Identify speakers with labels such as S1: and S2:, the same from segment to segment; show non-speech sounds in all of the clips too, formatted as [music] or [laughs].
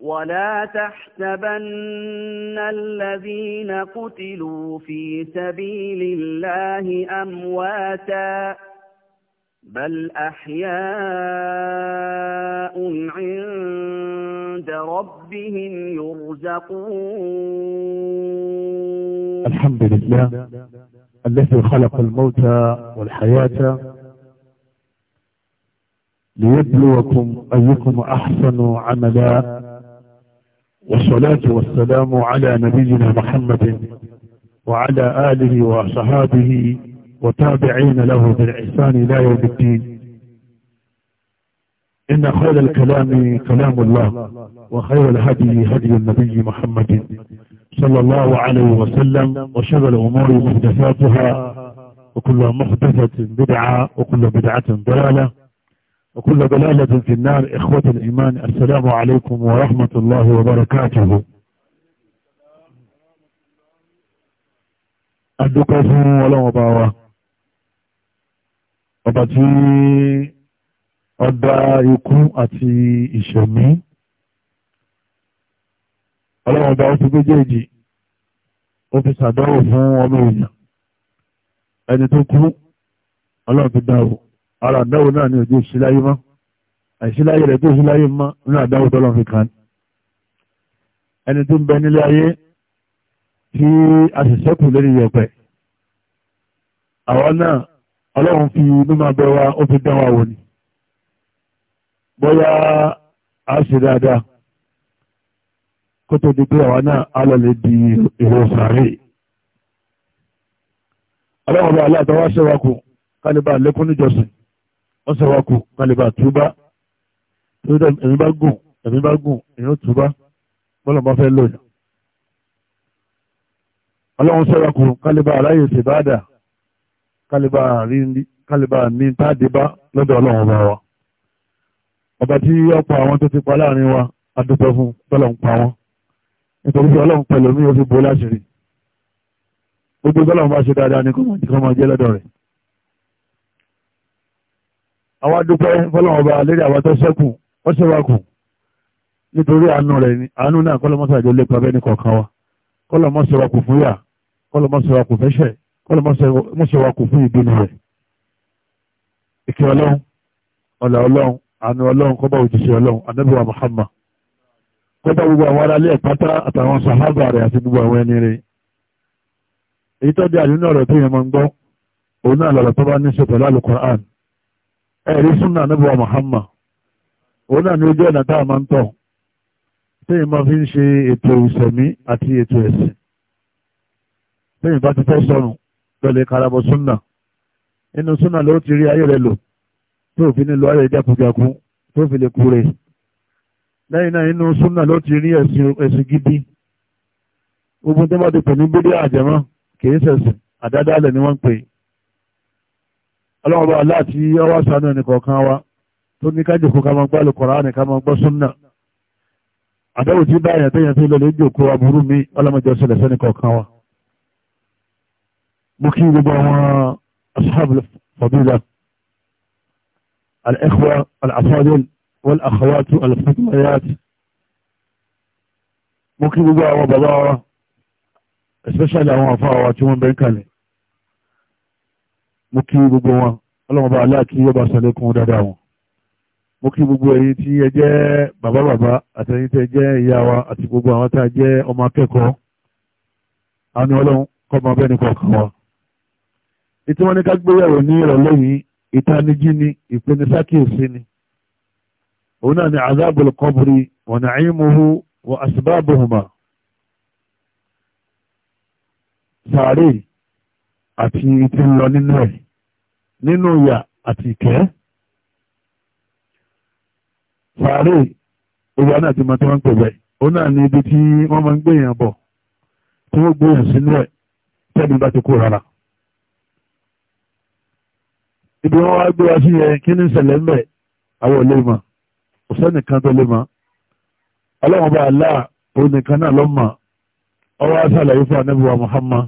S1: ولا تحسبن الذين قتلوا في سبيل الله أمواتا بل أحياء عند ربهم يرزقون الحمد لله الذي خلق الموت والحياة ليبلوكم أيكم أحسن عملا والصلاة والسلام على نبينا محمد وعلى آله وصحابه وتابعين له بالإحسان لا يوم الدين إن خير الكلام كلام الله وخير الهدي هدي النبي محمد صلى الله عليه وسلم وشر الأمور محدثاتها وكل محدثة بدعة وكل بدعة ضلالة وكل ضلالة في النار إخوة الإيمان السلام عليكم ورحمة الله وبركاته أدوك فيه ولا مباوة أبتي أدى يكون أتي إشمي ولا مباوة بجيجي وفي صدره فيه ومعين أن تكون ولا تدعوه ara àdáwò náà ni òjò ìṣíláyé mọ́ àìṣíláyé rẹ̀ tó ìṣíláyé mọ́ ní àdáwò tọ́lọ́ fi kàn ẹni tó ń bẹ nílé ayé tí a sì sẹ́kù lórí yẹ̀pẹ̀ àwọn náà ọlọ́run fi mímọ abẹ wa ó fi dán wa wò ni bóyá a ṣe dáadáa kó tó di pé àwọn náà á lọ lè di èrò sàárè ọlọ́run bá aláàtọ́wá ṣẹ́wàkù kálíbà lẹ́kún níjọsìn wọ́n sọ wákù kálíbà túbá tó dẹ̀ ẹ̀mí bá gùn ẹ̀mí bá gùn èèyàn túbá bọ́lọ̀ bá fẹ́ lóyún. ọlọ́run sọ wákù kálíbà aláyè ṣèbáàdà kálíbà ní tádébá lọ́dọ̀ ọlọ́run ọba wa ọba tí yọ pa àwọn tó ti pa láàrin wa adúpẹ́ fún bọ́lọ̀ ń pa wọn nítorí pé ọlọ́run pẹ̀lú mi ò fi bo láṣìírí gbogbo bọ́lọ̀ ń bá ṣe dáadáa ní kọ́mọ̀ jẹ́ lọ́dọ̀ rẹ̀ àwọn adúpẹ́ fọlọ́wọ́n ọba lérí àwọn tó ṣẹ́kù wọ́n ṣe wá kù nítorí àánú rẹ̀ ni àánú náà kọ́lọ́mọ́sá àjọ lépa bẹ́ẹ̀ ní kọ̀ọ̀kan wa kọ́lọ́mọ́sá wa kù fún yà kọ́lọ́mọ́sá wa kù fẹ́ṣẹ̀ kọ́lọ́mọ́sá wa kù fún ìdùnnú rẹ̀ ìkẹ́ ọlọ́run ọ̀là ọlọ́run àánú ọlọ́run kọ́bá òjìṣẹ́ ọlọ́run anábíwá Muhammad kọ́bá gbogbo àwọn ará ilé ẹ̀pátá àtàwọn sàhábà rẹ̀ àti gbogbo àwọn ẹni rẹ̀ èyí tó dé àdínú ọ̀rọ̀ tó Al-Qur'an ẹ̀rí súnà níbi wa Muhammad òun náà ni ojú ọ̀nà tá a máa ń tọ̀ tẹ́yìn máa fi ń ṣe ètò ìsẹ̀mí àti ètò ẹ̀sìn tẹ́yìn bá ti fẹ́ sọnù lọ́lẹ̀ karabọ̀ súnà inú súnà ló ti rí ayé rẹ lò tó fi nílò ayé jákujàku tó fi lè kú rẹ̀ lẹ́yìn náà inú súnà ló ti rí ẹ̀sìn gidi gbogbo tó bá ti pè ní bídí àjẹmọ́ kì í ṣẹ̀sìn àdádálẹ̀ ni wọ́n ń pè é ọlọ́ọ̀bá aláti ọwá sánú ẹnìkọ̀ọ̀kan wa tó ní ká jòkó ká máa gbá lè kọ̀rọ̀ ánì ká máa gbọ́ súnnà àdáwò tí bá àyàn tẹ́yàn tó lọ lè jòkó aburú mi ọlọ́mọjọ ṣẹlẹ̀ sẹ́nì kọ̀ọ̀kan wa mú kí gbogbo àwọn asáàbù fadila al-ikhwa al-afadil wal-akhawatu kí gbogbo àwọn bàbá wa especially àwọn àfáà wa tí wọ́n bẹ́ kalẹ̀ mo kí gbogbo wọn ọlọ́mọba aláàkí yọba sọlẹ́kùn dáadáa wọn mo kí gbogbo ẹ̀yin tí ẹ jẹ́ bàbá bàbá àtẹ̀yin tẹ́ jẹ́ ìyá wa àti gbogbo àwọn tá a jẹ́ ọmọ akẹ́kọ̀ọ́ àánú ọlọ́run kọ́ máa bẹ́ẹ̀ ní kọ̀ọ̀kan wa ètò wọn ní ká ní ìrọ̀lẹ́ yìí ìtanijí ni ni òun náà ni àti tí ń lọ nínú ẹ̀ nínú ìyà àti ìkẹ́ sàárè olùwà náà ti mọ tí wọ́n ń pè bẹ́ẹ̀ ó náà ní ibi tí wọ́n máa ń gbé èèyàn bọ̀ tí wọ́n gbé èèyàn sínú ẹ̀ tẹ́lẹ̀ bá ti kú rárá ibi wọ́n wá gbé wa sí yẹn kí ní ṣẹlẹ̀ ń bẹ̀ àwọn ò lè mọ̀ kò sẹ́nìkan tó lè mọ̀ ọlọ́run bá aláà òun nìkan náà lọ́mọ̀ ọwọ́ àṣàlàyé fún anábìwá Muhammad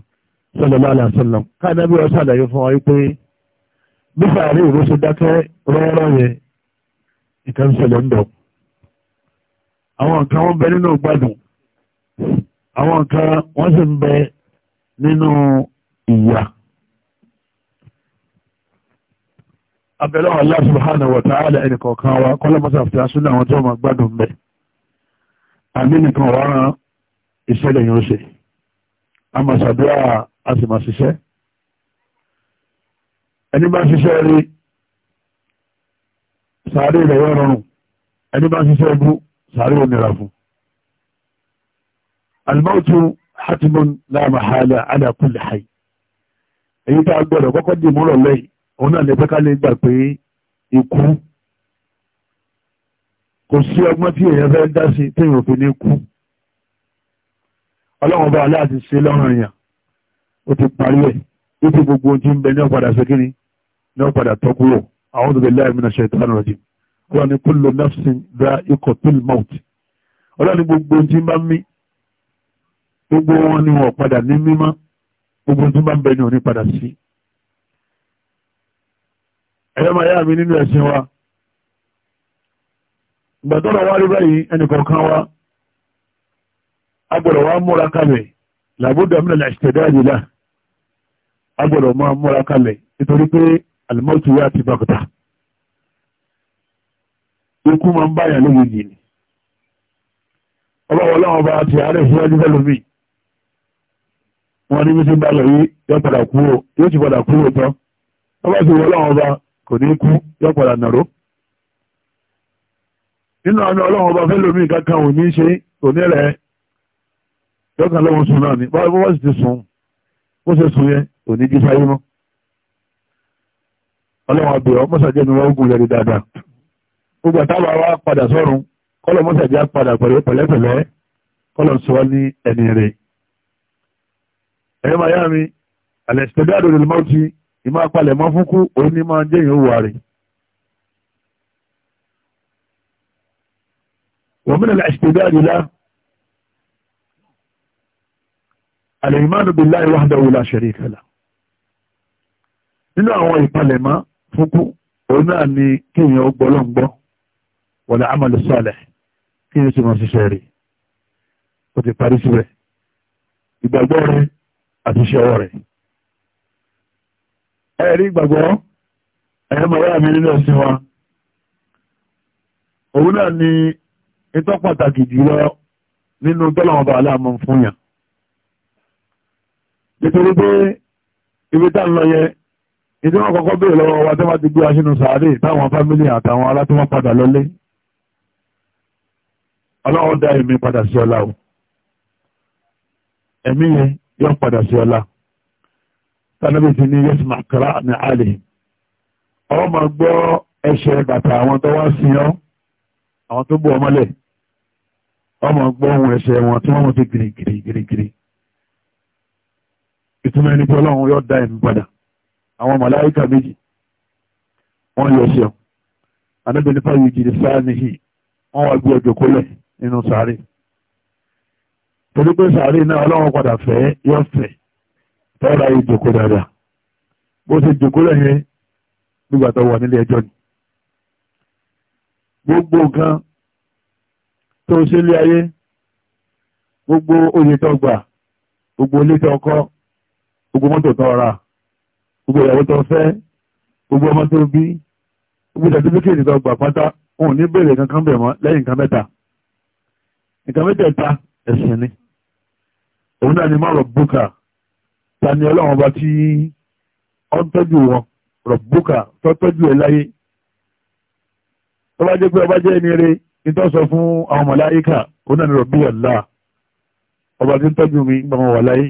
S1: sallallahu alaihi wasallam káàdábí ọ ṣàlàyé fún wa pé bí sàárè ìró ṣe dákẹ́ rọ́rọ́ yẹn nǹkan ṣẹlẹ̀ ń dọ̀ àwọn nǹkan wọ́n bẹ nínú gbádùn àwọn nǹkan wọ́n sì ń bẹ nínú ìyà abẹ́lẹ́ Allah subhanahu wa ta'ala ẹnì kọ̀ọ̀kan wa kọ́lọ́mọ́sà fìyà súnà àwọn tí wọ́n máa gbádùn bẹ̀ àmì nìkan wọ́n ran ìṣẹ̀lẹ̀ yóò ṣe a máa ṣàdúrà a sì máa ṣiṣẹ́ ẹni bá ṣiṣẹ́ rí sàárè rẹ̀ yọ rọrùn ẹni bá ṣiṣẹ́ bú sàárè ò nira fún alimọ́tò hatimun la mahala ala kulli hayy èyí tá a gbọ́dọ̀ kọ́kọ́ dì múrọ̀ lẹ́yìn òun náà lè fẹ́ká lè gbà pé ikú kò sí ọgbọ́n tí èèyàn fẹ́ dá sí téèyàn fi ní kú ọlọ́run bá aláàtì ṣe lọ́rùn èèyàn ó ti parí ẹ̀ ó ti gbogbo ohun tí ń bẹ ní ọ̀padà sẹ́kìnì ní ọ̀padà tọ́kúrò a'udhu billahi minash shaitanir rajim wọ́n ní kullu nafsin dha'iqatul maut ọlọ́run ní gbogbo ohun tí ń bá mí gbogbo wọn ni wọn padà ní mímọ́ gbogbo ohun tí ń bá ń bẹ ní òní padà sí. ẹ̀yọ́ máa yá mi nínú ẹ̀sìn wa ìgbà tó lọ wá rí báyìí ẹnìkọ̀ọ̀kan wa agbọ̀dọ̀ wa múra kalẹ̀ làbúdà mílẹ̀ àṣìṣẹ́dá àjìlá a gbọ́dọ̀ máa múra kalẹ̀ nítorí pé alimọ́tò yá ti bàkútà ikú máa ń báyà lójijì ni ọlọ́wọ́ ọlọ́wọ́ bá ti àárẹ̀ síwájú fẹ́lómi wọn ní bí ti bá lọ yìí yóò padà kúrò yóò ti padà kúrò tán ọba ti wọ ọlọ́wọ́ bá kò ní kú yóò padà nàró nínú àná ọlọ́wọ́ bá fẹ́lómi kankan ò ní ṣe òní rẹ̀ yóò kàn lọ́wọ́ sùn náà ni báwo bá sì ti sùn bó ṣe sùn yẹn ò ní jí sáyé mọ́ ọlọ́run àbẹ̀ ọ mọ́sàjẹ́ ni wọ́n ogun rẹ̀ dáadáa gbogbo àtàwà wa padà sọ́run kọ́lọ̀ mọ́sàjẹ́ padà pẹ̀lú pẹ̀lẹ́pẹ̀lẹ́ kọ́lọ̀ sọ ní ẹni rẹ̀ ẹ̀yẹ́ màyá mi àlẹ́sìtẹ́dáàdò lè mọ́ ti ìmọ̀ apalẹ̀ mọ́ fún kú òun ní máa jẹ́yìn òwò rẹ̀ wọ́n mìíràn àlẹ́sìtẹ́dáàdò lá al-imanu billahi wahdahu la sharika lah nínú àwọn ìpalẹ̀mọ́ fúnkú òun náà ni kíyàn gbọ́lọ́ngbọ́ wọ̀lẹ̀ amalu salih kíyàn sì mọ̀ ṣiṣẹ́ rí ó ti parí síbẹ̀ ìgbàgbọ́ rẹ àti iṣẹ́ ọwọ́ rẹ ẹ̀rí ìgbàgbọ́ ẹ̀yẹ́ mọ̀ wáyà mi nínú ẹ̀sìn wa òun náà ni ìtọ́ pàtàkì jùlọ nínú tọ́lọ́mọba aláàmọ́ fún yàn nítorí pé ibi tá ń lọ yẹ ìdí wọn kọ́kọ́ béèrè lọ́wọ́ wa tó bá ti gbé aṣínú sàárè táwọn fámílì àtàwọn alátúmọ̀ padà lọlé ọlọ́run dá ẹ̀mí padà sí ọlá o ẹ̀mí yẹn yóò padà sí ọlá tàbí ti ní yẹ́sì màkàrà ní àlè ọwọ́ máa gbọ́ ẹsẹ̀ bàtà àwọn tó wá sí ọ àwọn tó bú ọmọlẹ̀ ọmọ gbọ́ ohun ẹsẹ̀ wọn tí wọ́n mú ti gírígírígírí ìtumọ̀ ẹni pé ọlọ́run yóò dá ẹ̀mí padà àwọn màláíkà méjì wọ́n yọ ṣe anábìnrin fáyọ ìjìnlẹ̀ sáà nìyí wọ́n wá gbé ọjọ́ kólẹ̀ nínú sàárè torí pé sàárè náà ọlọ́run padà fẹ́ yọ fẹ́ tọ́ra ìjòkó dáadáa bó ṣe jòkó lẹ́yìn nígbà tó wà nílé ẹjọ́ ni gbogbo nǹkan tó ṣe lé ayé gbogbo oyè tó gbà gbogbo ilé tó kọ́ gbogbo mọ́tò tó ra gbogbo ìyàwó tó fẹ́ gbogbo ọmọ tó bí gbogbo sàtífíkèètì tó gbà pátá òun ní bèrè kankan bẹ̀ mọ́ lẹ́yìn nǹkan mẹ́ta nǹkan mẹ́tẹ̀ẹ̀ta ẹ̀sìn ni òun náà ni má rọ̀ búkà ta ni ọlọ́run ọba tí ọ ń tọ́jú wọn rọ̀ búkà tó tọ́jú ẹ láyé tó jẹ́ pé ọba jẹ́ ẹni rẹ̀ ìtọ́ sọ fún àwọn màláíkà òun náà ni rọ̀ bí ọ̀la ọba tí ń tọ́jú mi gbàmọ̀ wà láyé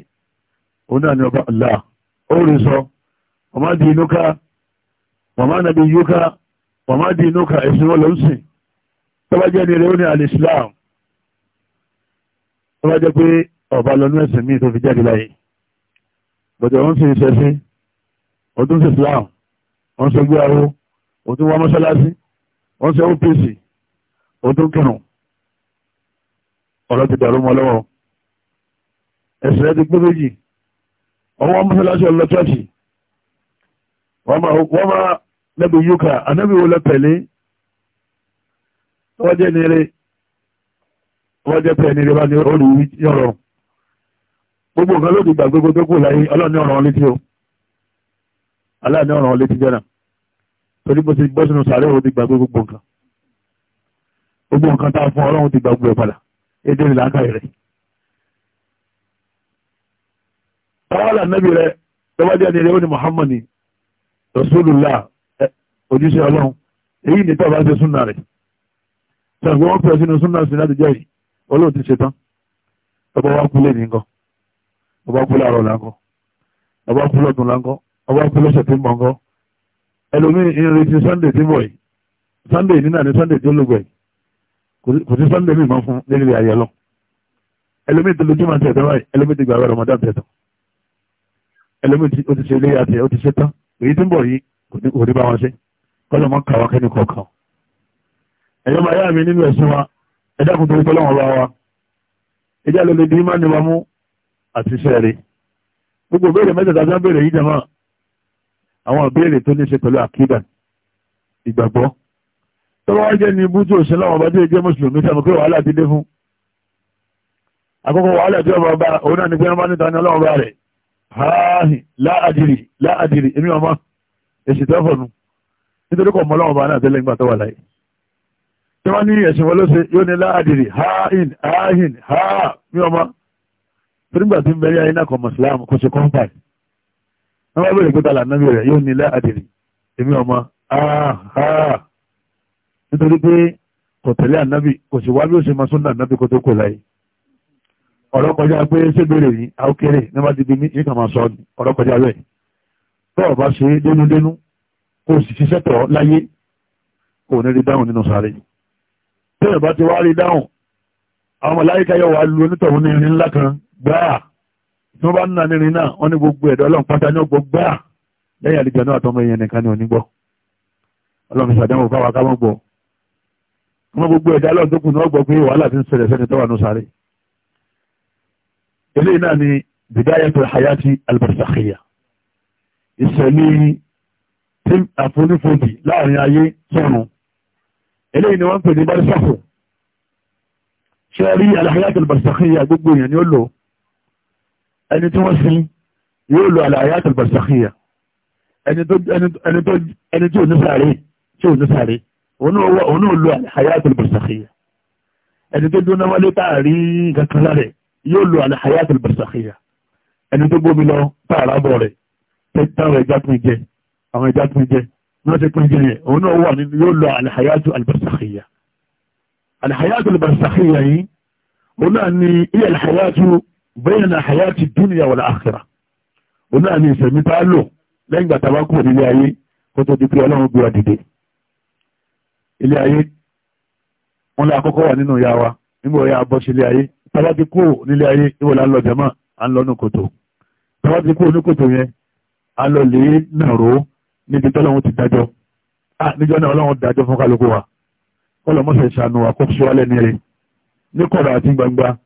S1: òun náà ni ọba Allah ó rí sọ ọmọ di inú ká màmá nàbí yú ká màmá di inú ká ẹ̀sìn wọn ló ń sìn tọ́ba jẹ́ ni rẹ̀ ó ní alìsílám tọ́ba jẹ́ pé ọba lọ́nú ẹ̀sìn míì tó fi jáde láyé bọ̀dọ̀ òun sì ń ṣẹ̀sìn òun tó ń Islam òun ṣe gbé aró òun tó wá mọ́ṣáláṣí òun ṣe OPC òun tó ń ọ̀rọ̀ ti dàrú mọ́ lọ́wọ́ ẹ̀sìn rẹ̀ ti gbé méjì ọwọ́ mọ́sálásí ọlọ́ chọ́ọ̀chì wọ́n máa lẹ́bi yúkà anábì wo lẹ́pẹ̀lẹ́ wọ́n jẹ́ nire wọ́n jẹ́ pẹ̀ nire bá ní orí yọ̀rọ̀ gbogbo nǹkan lóde gbàgbé gbogbo kò láyé ọlọ́ọ̀ni ọ̀ràn létí o aláàní ọ̀ràn létí jẹ́nà torí bó ti bọ́ sínú sàárẹ̀ òdi gbàgbé gbogbo nǹkan gbogbo nǹkan tá kọ́ọ̀lá nẹ́bí rẹ̀ tọ́wọ́dé ẹni rẹ̀ ó ní Muhammad ni Rasulullah ojúṣe ọlọ́run èyí ni tọ́ba ṣe súnà rẹ̀ ṣàgbọ́n wọn pẹ̀lú sínú súnà sí láti jẹ́rìí olóòtú ṣetán ọba wa kú lé ní nǹkan ọba kú láàárọ̀ láńkọ́ ọba kú lọ́dún láńkọ́ ọba kú lọ́sẹ̀ tó ń bọ̀ ńkọ́ ẹlòmíì ń retí Sunday tí ń bọ̀ yìí Sunday nínà ní Sunday tí ó lùgbọ̀ ẹlẹ́mì ó ti ṣe ilé àti ó ti ṣe tán èyí tó ń bọ̀ yìí kò ní bá wọn ṣe kọ́lọ̀ mọ́ kàwá kẹ́ni kọ̀ọ̀kan ẹ̀yọ́ máa yá mi nínú ẹ̀sìn wa ẹ̀dá kò torí tọ́lọ́wọ́n bá wa ẹjá ló lè di má ni wa mú àti iṣẹ́ rẹ̀ gbogbo béèrè mẹ́tẹ̀ẹ̀ta tó ń béèrè yìí jẹ̀mọ́ àwọn béèrè tó ní ṣe pẹ̀lú àkídà ìgbàgbọ́ tọ́wọ́ wá jẹ́ ni ibú òṣèlú àwọn ọba jẹ́ mùsùlùmí sàmù wàhálà ti dé fún àkọ́kọ́ wàhálà tí ọba ọba òun náà ni pé wọ́n bá níta ní ọlọ́run bá rẹ̀ haahi láàdìrì láàdìrì èmi ọmọ èsì tẹ́fọ̀nù nítorí kọ̀ mọ́ ọlọ́run ọba náà tẹ́lẹ̀ nígbà tó wà láyé tí wọ́n ní ẹ̀sìn wọlé ṣe yóò ní láàdìrì haahin haahin haa mi ọmọ torígbà tí ń bẹ̀rẹ̀ ayé náà kọ̀ mọ̀sílámù kò ṣe kọ́ńtà wọ́n bá bẹ̀rẹ̀ pé tàlà náà rẹ̀ yóò ní láàdìrì èmi ọmọ haa nítorí pé kò tẹ̀lé ànábì kò sì wá bí ó ṣe máa súnà ànábì kó tó kò láyé ọ̀rọ̀ kọjá pé ṣébèrè yìí àókèrè nígbà tí bí yìí kàn máa sọ ni ọ̀rọ̀ kọjá bẹ́ẹ̀ tó ọ̀bá ṣe dénúdénú kò sì ṣiṣẹ́ tọ̀ láyé kò ní rí dáhùn nínú sáré tó ọ̀bá ti wá rí dáhùn àwọn màláíkà yóò wá lu onítọ̀hún ní irin ńlá kan gbáà tí wọ́n bá ń nà ní irin náà wọ́n ní gbogbo ẹ̀dọ́ ọlọ́run pátá ní ọgbọ́ gbáà lẹ́yìn àlejò náà tọmọ eléyìí náà ni bidayatul hayati albarsakhiya ìṣẹ̀lẹ̀ tí àfonífojì láàrin ayé sọ̀rùn eléyìí ni wọ́n ń pè ní barisakhu ṣe rí alhayati albarsakhiya gbogbo èèyàn ni ó lò ẹni tí wọ́n sin yóò lo alhayati albarsakhiya ẹni tí ò ní sáré tí ò ní sáré òun náà lo alhayati albarsakhiya ẹni tó dúnná wọlé táàrí kankan lára ẹ̀ yóò lo àlẹ́ hayatul barsakhiya ẹni tó gbómi lọ tààrà bọ̀ rẹ̀ táwọn ẹja pin jẹ àwọn ẹja pin jẹ náà ṣe pin jẹ yẹn òun náà wà nínú yóò lo àlẹ́ hayatul barsakhiya àlẹ́ hayatul barsakhiya yìí òun náà ni iye àlẹ́ hayatu bayna hayati dúnìyà wal akhira òun náà ni ìṣẹ̀mí tá a lò lẹ́yìn gbàtà bá kúrò nílé ayé kó tó di pé ọlọ́run gbé dìde ilé ayé wọn lé àkọ́kọ́ wà nínú ìyá wa nígbà ọ̀yà abọ́sílé ayé tàbá ti kó nílé ayé ìwò là ń lọ jẹ́mọ́ à ń lọ ní kòtò tàbá ti kó ní kòtò yẹn à ń lọ lè nàró níbi tọ́lọ́hún ti dájọ́ à níjọ́ náà ọlọ́hún dájọ́ fún kálukú wa kọ́lọ̀ mọ́sẹ̀ ṣàánú wa kó ṣe wálẹ̀ nílé ní kọ̀rọ̀ àti gbangba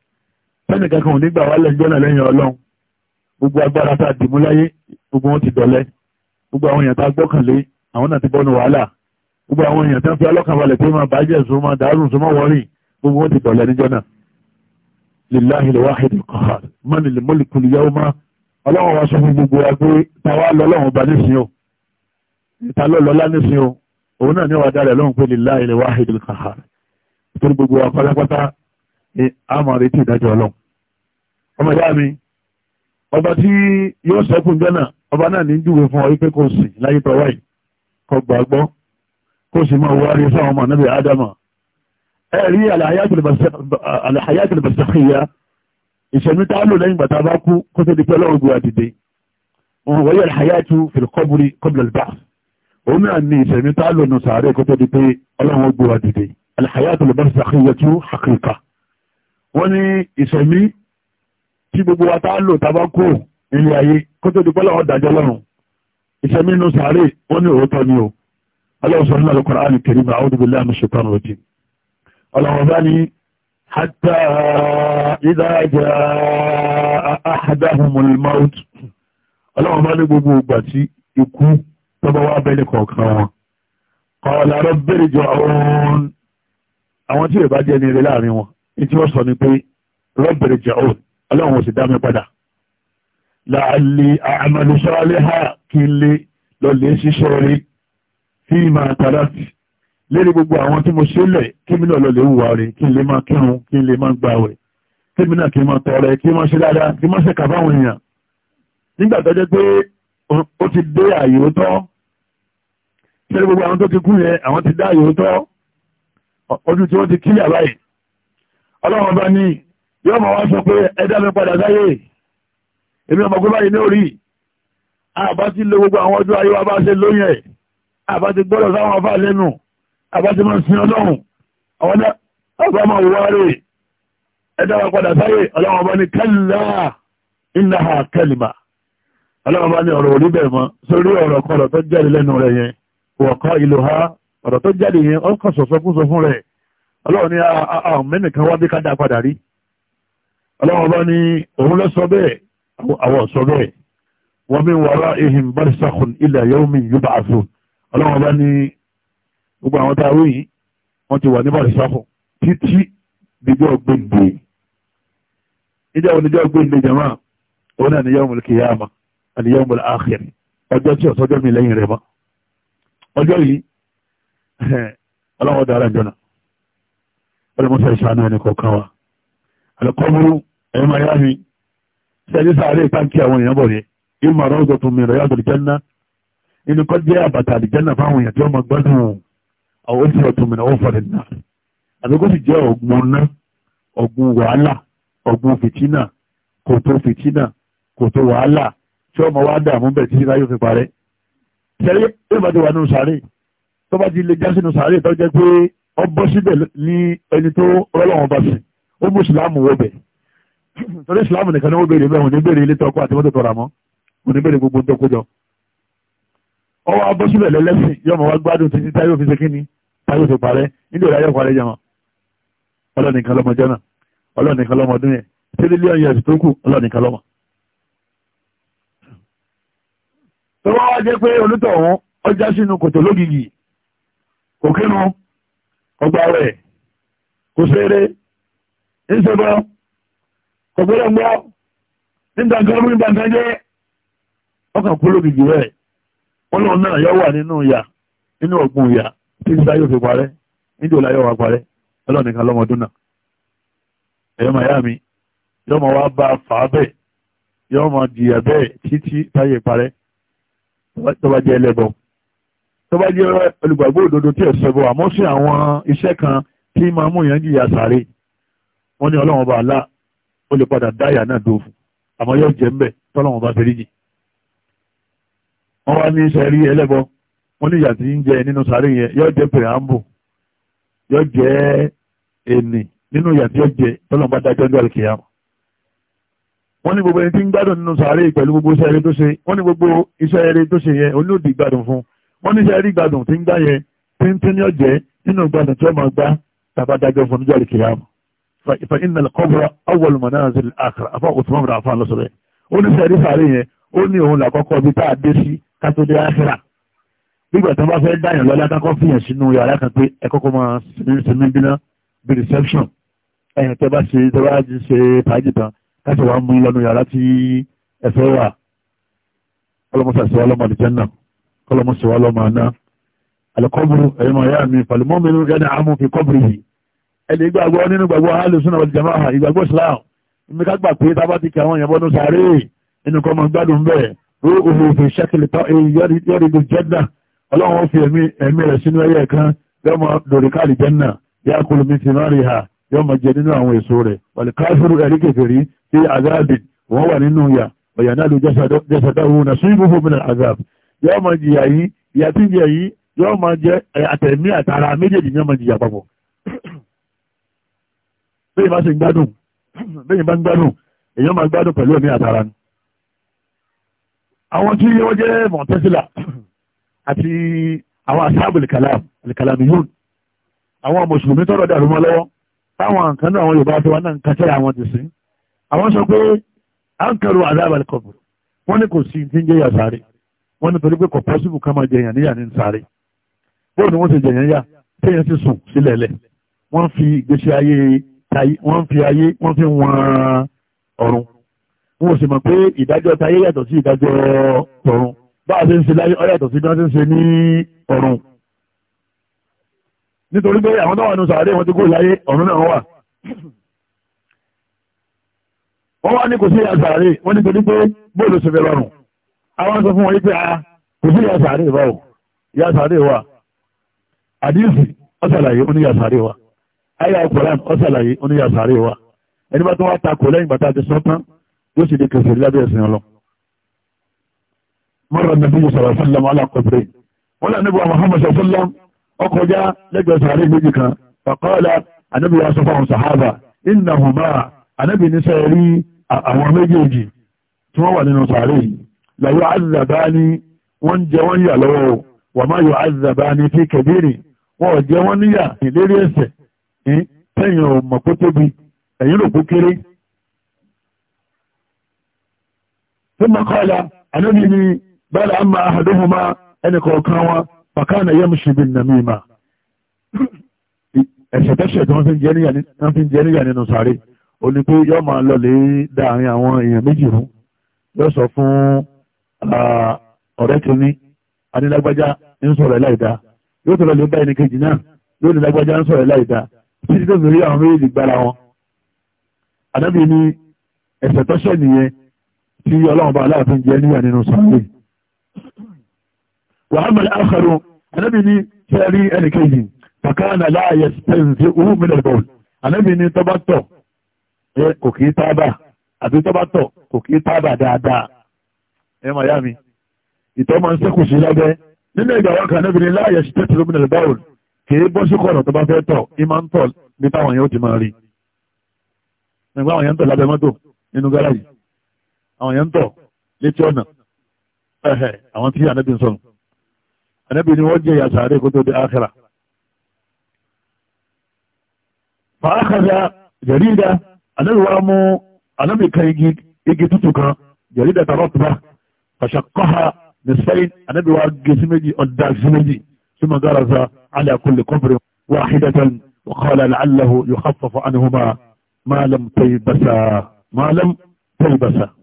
S1: sẹ́ni kankan ò ní gbà wálẹ̀ níjọ́ náà lẹ́yìn ọlọ́hún gbogbo agbára tá a dìmú láyé gbogbo wọn ti dọ̀lẹ́ gbogbo àwọn èèyàn tá a gbọ́kànlé ti bọ́nu wàhálà gbogbo àwọn èèyàn tó ń fi ọlọ́kàn balẹ̀ pé máa bàjẹ́ sùn máa ti dọ̀lẹ́ níjọ́ náà lillahi al-wahid al-qahhar man al-mulku al-yawma ọlọ́run wa sọ fún gbogbo wa pé táwa lọ lọ́run ba nísìn o ìta lọ lọ́lá nísìn o òun náà ní wàá darẹ̀ lọ́run pé lillahi al-wahid al-qahhar torí gbogbo wa pátápátá àmọ̀ retí ìdájọ́ ọlọ́run ọmọ ìyá mi ọba tí yóò sẹ́kùn jọ́nà ọba náà ní júwe fún ọ wípé kò sí láyé tọ́wá kọ gbàgbọ́ kó sì máa wárí ẹ̀rí àlàyájìlì bàṣẹ́kìyà ìṣẹ̀mí tá lò lẹ́yìn bàtà bá kú kó tó di pé ọlọ́run gbé àdìde wọn wọ́yẹ̀ àlàyájú fìlìkọ́bùrì kọ́bùlẹ̀lbà òun náà ní ìṣẹ̀mí tá lò nù sàárẹ̀ kó tó di pé ọlọ́run gbé àdìde àlàyájìlì bàṣẹ́kìyà tú hakika wọ́n ní ìṣẹ̀mí tí gbogbo wa tá lò tá bá kú ilé ayé kó tó di pé ọlọ́run dájọ́ lọ́run ìṣẹ̀mí nù wọ́n ni o ọlọ́run bá ní hátà ìdájà àádáhùnmùl maut ọlọ́run bá ní gbogbo ìgbà tí ikú tọ́bọ̀ wá bẹ́lẹ̀ kọ̀ọ̀kan wọn qala rabbirji'un àwọn tí ìbá jẹ́ ní eré láàrin wọn ní tí wọ́n sọ ni pé rabbirji'un ọlọ́run ò sì dá padà láàlì a'malu salihan kí n lè lọ lè ṣiṣẹ́ rí fíìmà tàdáàtì lérí gbogbo àwọn tí mo ṣe lẹ̀ kí mi náà lọlẹ̀ wùwà rẹ̀ kí n lè máa kírun kí n lè máa gbààwẹ̀ kí mi náà kí n máa tọrẹ kí n máa ṣe dáadáa kí n máa ṣèkà fáwọn èèyàn nígbà tó jẹ́ pé ó ti dé ààyè ó tọ́ lérí gbogbo àwọn tó ti kú yẹn àwọn ti dá ààyè ojú tí wọ́n ti kílẹ̀ báyìí ọlọ́run ọba ní yóò máa wá sọ pé ẹ dá mi padà sáyé èmi ọmọ gbé báyìí ní orí àbá ti lo gbogbo àwọn ọjọ́ ayé wa bá ṣe lóyún ẹ̀ àbá ti gbọ́dọ̀ sáwọn afá lẹ́nu àbájá máa ń sin ọlọ́run àwọn àgbà máa wọ wáre ẹ̀dá wa padà sáyé ọlọ́run ọba ní kalla innaha kalima ọlọ́run ọba ní ọ̀rọ̀ orí bẹ̀rẹ̀ mọ́ sórí ọ̀rọ̀ kọ̀rọ̀ tó jáde lẹ́nu rẹ̀ yẹn wọ̀kọ́ ìlú ha ọ̀rọ̀ tó jáde yẹn ó sọ̀sọ́ fún sọ fún rẹ̀ ọlọ́run ní àwọn mẹ́nìkan wá bí ká padà rí ọlọ́run ọba ní òun lọ sọ bẹ́ẹ̀ àwọn sọ bẹ́ẹ̀ wa min waraihim barzakhun ila yawmi yub'athun ọlọ́run ọba ní gbogbo àwọn táwé yìí wọ́n ti wà ní bàrẹ̀ sáfọ̀ títí díjọ́ gbèǹde níjọ́ oníjọ́ gbèǹde jama òun náà níyàwó mọ̀lẹ́kì yá ma àníyàwó mọ̀lẹ́ àkhir ọjọ́ tí ọ̀sọ́jọ́ mi lẹ́yìn rẹ̀ ma ọjọ́ yìí [laughs] ọlọ́wọ́ dára jọ̀nà ọlọ́mọṣẹ́ ìṣàánú ẹni kọ̀ọ̀kan wa alùpàmùrù ẹ̀yìn máa yá mi sẹ́yìn sáré táǹkì àwọn èèyàn bọ̀ rẹ̀ ìmọ̀ ọ̀rọ̀ mi rẹ̀ yàtọ̀ àlìjẹ́nà inú kọ́ jẹ́ àbàtà àlìjẹ́nà fáwọn èèyàn tí wọ́n mọ gbádùn àwọn oṣù ọ̀túnmìnà ó fọ̀rẹ̀ náà àbí kó sì jẹ́ ọ̀gbun ná ọ̀gbun wàhálà ọ̀gbun fìtínà kò tó fìtínà kò tó wàhálà tí ọmọ wa dààmú bẹ̀ títí láyé òfin parẹ́ tẹ́lẹ̀ yóò bá ti wà nínú sàárè tó bá ti lè já sínú sàárè tó jẹ́ pé ọ bọ́ síbẹ̀ ní ẹni tó rọ́lọ́wọ́n bá sìn ó mú ìsìláàmù wọ bẹ̀ torí ìsìláàmù nìkan ni wọ́n béèrè bẹ́ẹ̀ wọ́n ní béèrè ilé tọkọ àti mọ́tò tọrọ àmọ́ wọ́n ní béèrè gbogbo tó kójọ ọwọ́ abọ́sílẹ̀ lẹ́lẹ́sìn yọmọ wa gbádùn títí táyé òfin ṣe kí ni táyé fi parẹ́ nílò ìdájọ́ parẹ́ jẹ́ wọn ọlọ́nìkan lọ́mọ jọ́nà ọlọ́nìkan lọ́mọ ọdún yẹn tírílíọ̀nù yẹn tó kù ọlọ́nìkan lọ́mọ. tó bá wá jẹ́ pé olùtọ̀ ọ̀hún ọjà sínú kòtò lógìgì kò kínú ọgbà rẹ̀ kò ṣeré ìṣẹ́gbọ́ kò gbọ́dọ̀ gbọ́ nígbà kan rú nígbà kan jẹ́ ọkàn kú lógìgì rẹ̀ ọlọ́run náà yọ wà nínú ìyà nínú ọ̀gbun ìyà títí táyé òfin parẹ́ nídìí òláyọ̀ wa parẹ́ ọlọ́nìkan lọ́mọdún náà ẹ̀yọ́ màyá mi yọ́ mọ̀ wá bá a fà á bẹ́ẹ̀ yọ́ mọ̀ jìyà bẹ́ẹ̀ títí táyé parẹ́ tó bá jẹ́ ẹlẹ́bọ tó bá jẹ́ olùgbàgbọ́ òdodo tí ẹ̀sẹ̀ bọ̀ àmọ́ sí àwọn iṣẹ́ kan tí máa mú yẹn jìyà sàárè wọ́n ní ọlọ́run ọba àlá ó lè padà dáyà náà dófù àmọ́ yóò jẹ́ ń bẹ̀ tọ́lọ́run ọba fẹ́ríjì wọ́n wá ní sẹ́rí ẹlẹ́bọ wọ́n ní ìyà tí ń jẹ nínú sàárè yẹn yóò jẹ́ pèrèambù yóò jẹ́ ènì nínú ìyà tí yóò jẹ tọ́lọ́mbà dájọ́ ní àlùkìyàmù wọ́n ní gbogbo ẹni tí ń gbádùn nínú sàárè pẹ̀lú gbogbo iṣẹ́ eré tó ṣe wọ́n ní gbogbo iṣẹ́ eré tó ṣe yẹn olóòdì gbádùn fún wọ́n ní iṣẹ́ eré gbádùn tí ń gbá yẹn tí ń tí ní ọ̀jẹ́ nínú gbádùn tí wọ́n máa gbá tàbá dájọ́ fún níjọ́ àlùkìyàmù fa iná kọ́bùrà awọ́lu manazil nígbà tó bá fẹ́ dáyàn lọ́lá kákọ́ fìyàn sínú yàrá kan pé ẹ kọ́kọ́ máa sinmi bíná bí reception ẹ̀yìn tẹ́ bá ṣe tẹ́ bá ṣe fàájì tán káṣí wàá mú lọ́nu yàrá tí ẹ fẹ́ wà ọlọ́mọṣàṣe ọlọ́mọ àlùjànnà kọlọ́mọṣe wà lọ́mọ àná àlùkọ́bùrù ẹ̀yìn mọ̀ yá mi pàlùmọ́ mi ní gánà àmú fi kọ́bùrù yìí ẹni ìgbàgbọ́ nínú ìgbàgbọ́ alùsùnà wal jama'a ìgbàgbọ́ Islam mi ká gbà pé tábà ti kí àwọn èèyàn bọ́nú sáré inú kọ́ mọ̀ gbádùn bẹ́ẹ̀ rú òhùn òfin ṣẹ́kìlì tán èyí yọrí jẹ́dà ọlọ́run fi ẹ̀mí rẹ̀ sínú ẹyẹ kan yọmọ lórí káàlì jẹ́nà yá kúlù mi ti máa rí ha yọmọ jẹ nínú àwọn èso rẹ̀ wàlẹ̀ káfíru ẹ̀rí kẹfẹ̀rí sí azabi wọ́n wà nínú ya ọ̀yà náà ló jẹ́sàdáwò na sí gbogbo mi na azab yọmọ jìyà yìí ìyà tí jẹ yìí yọmọ jẹ àtẹ̀mí àtàrà méjèèjì yọmọ jìyà papọ̀ bẹ́ẹ̀ bá ṣe gbádùn bẹ́ẹ̀ bá ń gbádùn èyàn máa gbádùn pẹ̀lú ẹ̀mí àtàrà ni àwọn tí wọ́n jẹ́ mọ̀tẹ́sílà àti àwọn asáàbù ìkàlám ìkàlám yóò àwọn mùsùlùmí tọrọ dàrú mọ́ lọ́wọ́ táwọn nǹkan náà àwọn yorùbá tó wà náà ń kàtẹ́ àwọn ti sìn àwọn sọ pé à ń kẹrù àdáàbà kọ̀bù wọ́n ní kò sí ti ń jẹ́ yà sáré wọ́n ní torí pé kò pọ́sibù ká máa jẹyàn níyà ní sáré bóun ni wọ́n ti jẹyàn yá téèyàn sì sùn sílẹ̀ lẹ̀ wọ́n fi ìgbésí ayé tayé wọ́n fi ayé wọ́n fi wọ́n ọ̀run wọ́n sì mọ̀ pé ìdájọ́ tayé yàtọ̀ sí ìdájọ́ tọ̀run bá a ṣe ń ṣe láyé ọ̀yàtọ̀ sí bí wọ́n ṣe ń ṣe ní ọ̀run nítorí pé àwọn táwọn ẹnu sàárè wọn ti kó láyé ọ̀run náà wà wọ́n wá ní kò sí àsàárè wọ́n ní torí pé bóòlù ṣe fẹ́ lọ́rùn àwọn sọ fún wọn pé ah, kò sí àsàárè wà o yàsàárè wà àdíìsì ọ̀sàlàyé ó ní yàsàárè wà àyà Kùránì ọ̀sàlàyé ó ní yàsàárè wà ẹni bá tó wá takò lẹ́yìn bàtà àti sọ́tán yóò sì di kẹsìrì lábẹ́ ẹ̀sìn ọlọ́run mọ́rọ̀ nàbí sọ̀rọ̀ sọ́lọ́m alákọ̀ọ́bẹ̀rẹ̀ wọ́n lè níbo Muhammad sọ́lọ́m ọkọjá lẹ́gbẹ̀ẹ́ sàárè méjì kan fàkọ́ọ̀lá anábì wa sọ fáwọn sàhábà iná hùmá anábì ní sẹ́rí àwọn méjèèjì tí wọ́n wà nínú sàárè yìí láyọ̀ azàbá ni wọ́n jẹ wọ́n yà lọ́wọ́ wà má yọ azàbá ni fi kẹ̀bírì wọ́n jẹ wọ́n níyà lérí ẹ̀sẹ̀ tẹ̀yìn ò mọ̀ kó tóbi ẹ̀yìn rò kó kéré ثم قال أنني bala amma ahaduhuma ẹnì kọ̀ọ̀kan wọn fakana yamshi bin namima ẹ̀ṣẹ̀ tẹ́ṣẹ̀ tí wọ́n fi ń jẹ níyà nínú sáré ó ní pé yọ́ máa lọ lè dáàrin àwọn èèyàn méjì rún yóò sọ fún ọ̀rẹ́ kìíní anílágbájá ń sọ̀rọ̀ láìda yóò tọ̀rọ̀ lè bá ẹni kejì náà yóò ní lágbájá ń sọ̀rọ̀ láìda وأما الآخر النبي سألي الكيد فكان لا يستنزئه من البول النبي ني تبطو kò kí tábà àbí tó bá tọ̀ kò kí tábà dáadáa ẹ miami ìtọ́ máa ń sẹ́kù sí lábẹ́ nínú ìgbà wọn kan níbi ni láàyè sí tẹ́tù lómìnà ìbáwòl kì í bọ́ sí kọ̀ọ̀nà tó bá fẹ́ tọ̀ í máa ń tọ̀ ní táwọn yẹn ó ti máa rí nígbà àwọn yẹn ń tọ̀ lábẹ́ mọ́tò nínú gáràjì àwọn yẹn ń tọ̀ létí ọ̀nà àwọn tí ànábì ń sọ̀rọ̀ النبي نوجه يا ساري قدو دي آخرة فأخذ جريدة أنا الوامو أنا بكيجي يجي تتوكا جريدة رطبة فشقها نصفين أنا بواقي سمجي أداك سمجي ثم درس على كل قبر واحدة وقال لعله يخفف عنهما ما لم تيبسا ما لم تيبسا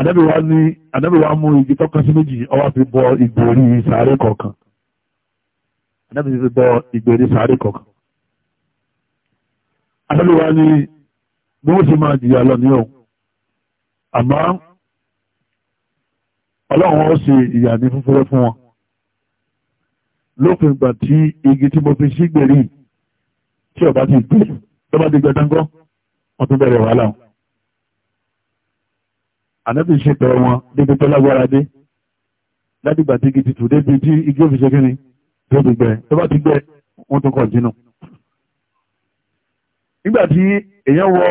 S1: ànábì wa ní ànábì wa mú igi tọ́kan sí méjì ọwọ́ fi bọ ìgbèrí sàárè kọ̀ọ̀kan ànábì fi bọ ìgbèrí sàárè kọ̀ọ̀kan ànábì wa ní bí wọ́n ṣe máa jìyà lọ nìyẹn àmọ́ ọlọ́run ó ṣe ìyà ní fúnfẹ́rẹ́ fún wọn lópin ìgbà tí igi tí mo fi sí gbèrí tí ọba ti gbé tó bá ti gbẹdángọ́ wọ́n tún bẹ̀rẹ̀ wàhálà wọn ànábì ṣètò wọn débi tó lágbára dé ládìgbà tí gidi tù débi tí igi òfin ṣe kíni tó ti gbẹ tó bá ti gbẹ wọn tó kàn jìnnà. nígbà tí èèyàn wọ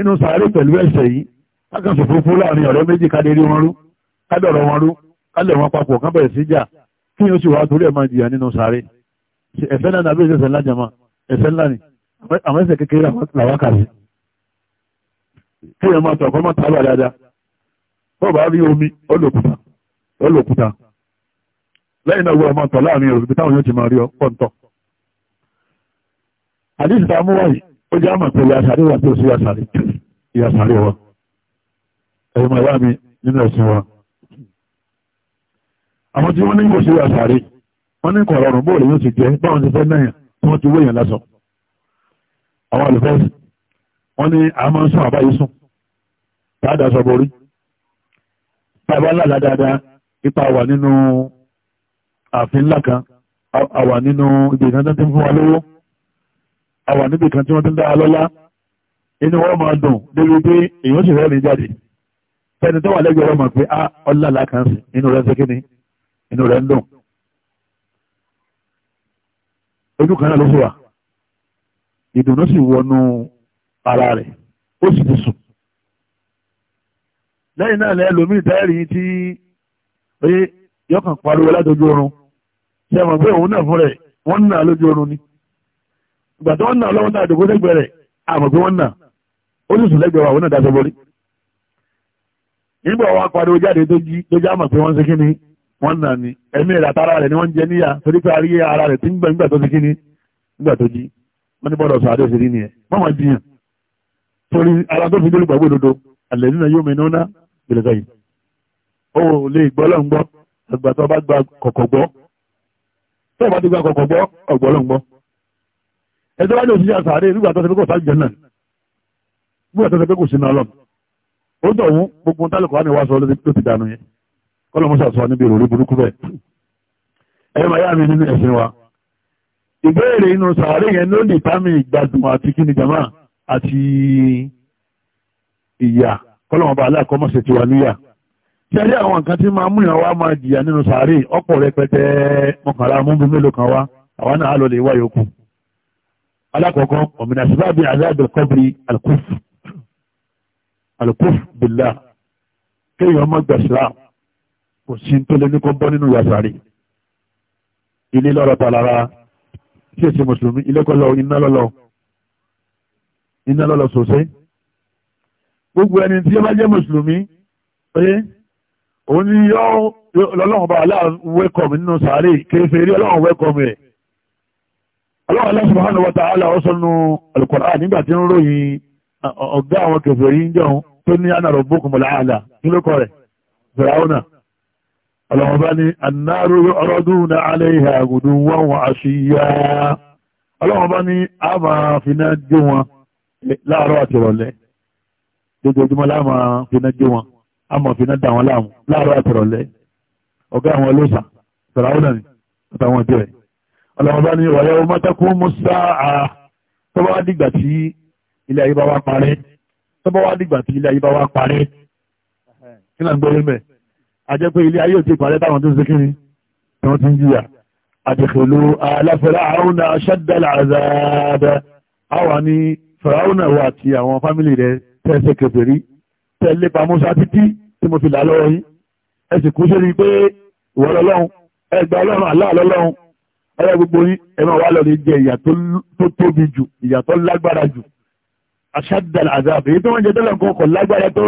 S1: inú sàárè pẹ̀lú ẹ̀ṣẹ̀ yìí kákan sòfò fún láàrin ọ̀rẹ́ méjì ká dérí wọn rú ká dọ̀rọ̀ wọn rú ká lẹ̀ wọn papọ̀ kán bẹ̀rẹ̀ sí jà kí yóò sì wá torí ẹ̀ máa jìyà nínú sàárè ẹ̀fẹ́ náà nàbí ẹ̀ṣẹ̀ ńlá jàmá ẹ̀ṣẹ̀ ńlá ni àwọn ẹ̀ṣẹ̀ kékeré làwọn kà sí. kí èèyàn máa tọ̀ kọ́ máa tààbà dáadáa tó bá rí omi ọlọ́kúta ọlọ́kúta lẹ́yìn náà wọ́n ọmọ ọ̀tọ̀ láàrin òṣìṣẹ́ táwọn yóò ti máa rí ọ̀pọ̀ ntọ́. àdìsí tá a mú wáyé ó jẹ́ àmọ̀ pé yasari wà tí ó sí yasari yasari wa ẹ̀yìn mọ̀ ìyá mi nínú ẹ̀sìn wa. àwọn tí wọ́n ní kò sí yasari wọ́n ní kọ̀ ọ̀rọ̀ bóòlù yóò ti jẹ́ báwọn ti fẹ́ náà tí wọ́n ti wéyàn lásán. àwọn àlùfẹ́ wọ́n ní àmọ́ sùn àbáyé sùn tá a dà sọ borí tàbá lálàá dáadáa ipa wà nínú ààfin ńlá kan àwà nínú ibi ìkan tó ti ń fún wa lówó àwà níbi kan tí wọ́n ti ń dára lọ́lá inú wọn máa dùn débi pé èèyàn sì rẹ́rìn jáde fẹ́ni tó wà lẹ́gbẹ̀ẹ́ wọn mọ̀ pé á ah, ọlálà kan sí inú rẹ̀ ń ṣe kíni inú rẹ̀ ń dùn ojú kan náà ló sì wà ìdùnnú sì wọnú ara rẹ̀ ó sì ti sùn lẹ́yìn náà lẹ́ lómi táyẹ̀rì tí oyé yọkàn pariwo látọjú oorun ṣe mọ̀ pé òun náà fún rẹ̀ wọ́n ń nà lójú oorun ni ìgbà tí wọ́n ń nà lọ́wọ́ náà àdògbò lẹ́gbẹ̀ẹ́ rẹ̀ àmọ̀ pé wọ́n ń ó sì sùn lẹ́gbẹ̀ẹ́ wa òun náà dáṣọ borí nígbà wa pariwo jáde tó jí já mọ̀ pé wọ́n ń ṣe kí ni wọ́n nà ni ẹ̀mí rẹ̀ àtàrà rẹ̀ ni wọ́n ń jẹ níyà torí pé arí ara rẹ̀ tí ń gbà nígbà tó ṣe kí ni nígbà tó jí wọ́n ní bọ́dọ̀ sọ adé òṣèré nìyẹn mọ́mọ́ jiyàn torí ara tó fi délùgbàgbọ́ òdodo àlẹ́ nínú yóò mẹ́nu náà gbèlèkà yìí ó lè gbọ́ lọ́n gbọ́ àgbà tó bá gba kọ̀kọ̀ gbọ́ tó bá ti gba kọ̀kọ̀ gbọ́ ọ̀gbọ́ lọ́n gbọ́ ẹjọ́ wájú òṣìṣẹ́ àṣàrẹ́ nígbà tó ṣe pé kò sáà jẹ́nà nígbà tó ṣe pé kò sí náà lọ́n ó dọ̀ wọ́n gbogbo tálùkọ́ àmì wá sọ ló ti dànù yẹn kọ́lọ́mọ́sà sọ níbi ìròrí burúkú bẹ́ẹ̀ ẹ̀yọ́ máa yá mi nínú ẹ̀sìn kọ́lọ́wọ́n bá aláàkọ́ mọ̀ sí ti wà níyà tí a rí àwọn nǹkan tí máa mú ìran wa máa jìyà nínú sàárè ọ̀pọ̀ rẹpẹtẹ mọ̀kànlá múbi mélòó kan wá àwọn náà lọ lè wá yòókù alákọ̀ọ́kọ́ ọ̀mìnà síbáàbí azáàbẹ̀ kọ́bìrì alkufu alkufu bìlá kéèyàn ọmọ gbàsílá kò sí tó lé ní kó bọ́ nínú yàsàrí ilé lọ́rọ̀ tàlára tí èsì mùsùlùmí ilé kọ́lọ́ iná lọ́lọ́ iná lọ́lọ́ sòsẹ́ gbogbo ẹni tí ó bá jẹ́ mùsùlùmí pé òun ni yọ ọlọ́run bá aláà wẹ́kọ̀m nínú sàárè kèfèrí ọlọ́run wẹ́kọ̀m rẹ̀ ọlọ́run Allah subhanahu wa ta'ala nígbà tí ń ròyìn ọ̀gá àwọn kèfèrí jọun tó ní ana rabbukumul a'la àtìrọ̀lẹ́ lójoojúmọ́ láàmú finá jó wọn àmọ́ finá dà wọn láàmú láàárọ̀ àtọ̀rọ̀lẹ́ ọ̀gá àwọn olóòsà fìràwọ́nà ni àtàwọn ọjọ́ ẹ̀ ọlọ́mọba ni wàyà ọmọ takú musa à tọ́ba wá dìgbà tí ilé ayé bá wá parí tọ́ba wá dìgbà tí ilé ayé bá wá parí kí náà ń gbé mẹ́ àjẹ́ pé ilé ayé ò ti parí táwọn tó ń ṣe kíni tí wọ́n ti ń jìyà àdìkòló aláfẹ́lá àwọn aṣáàdàlà àzàdà àwọn ni fìràwọ́nà wà àti àwọn fámìlì rẹ̀ tẹ̀sẹ̀ kẹfẹ́rí tẹ̀lé pamọ́sá títí tí mo fi là lọ́wọ́ yín ẹ sì kú sórí pé ìwọ lọ́lọ́run ẹ gba ọlọ́run àlá lọ́lọ́run ọyọ gbogbo yín ẹ máa wá lọ́ọ́ lè jẹ ìyà tó tóbi jù ìyà tó lágbára jù aṣáàdàlà àdáàbò èyí tí wọ́n jẹ tẹ́lẹ̀ nǹkan ọkọ̀ lágbára tó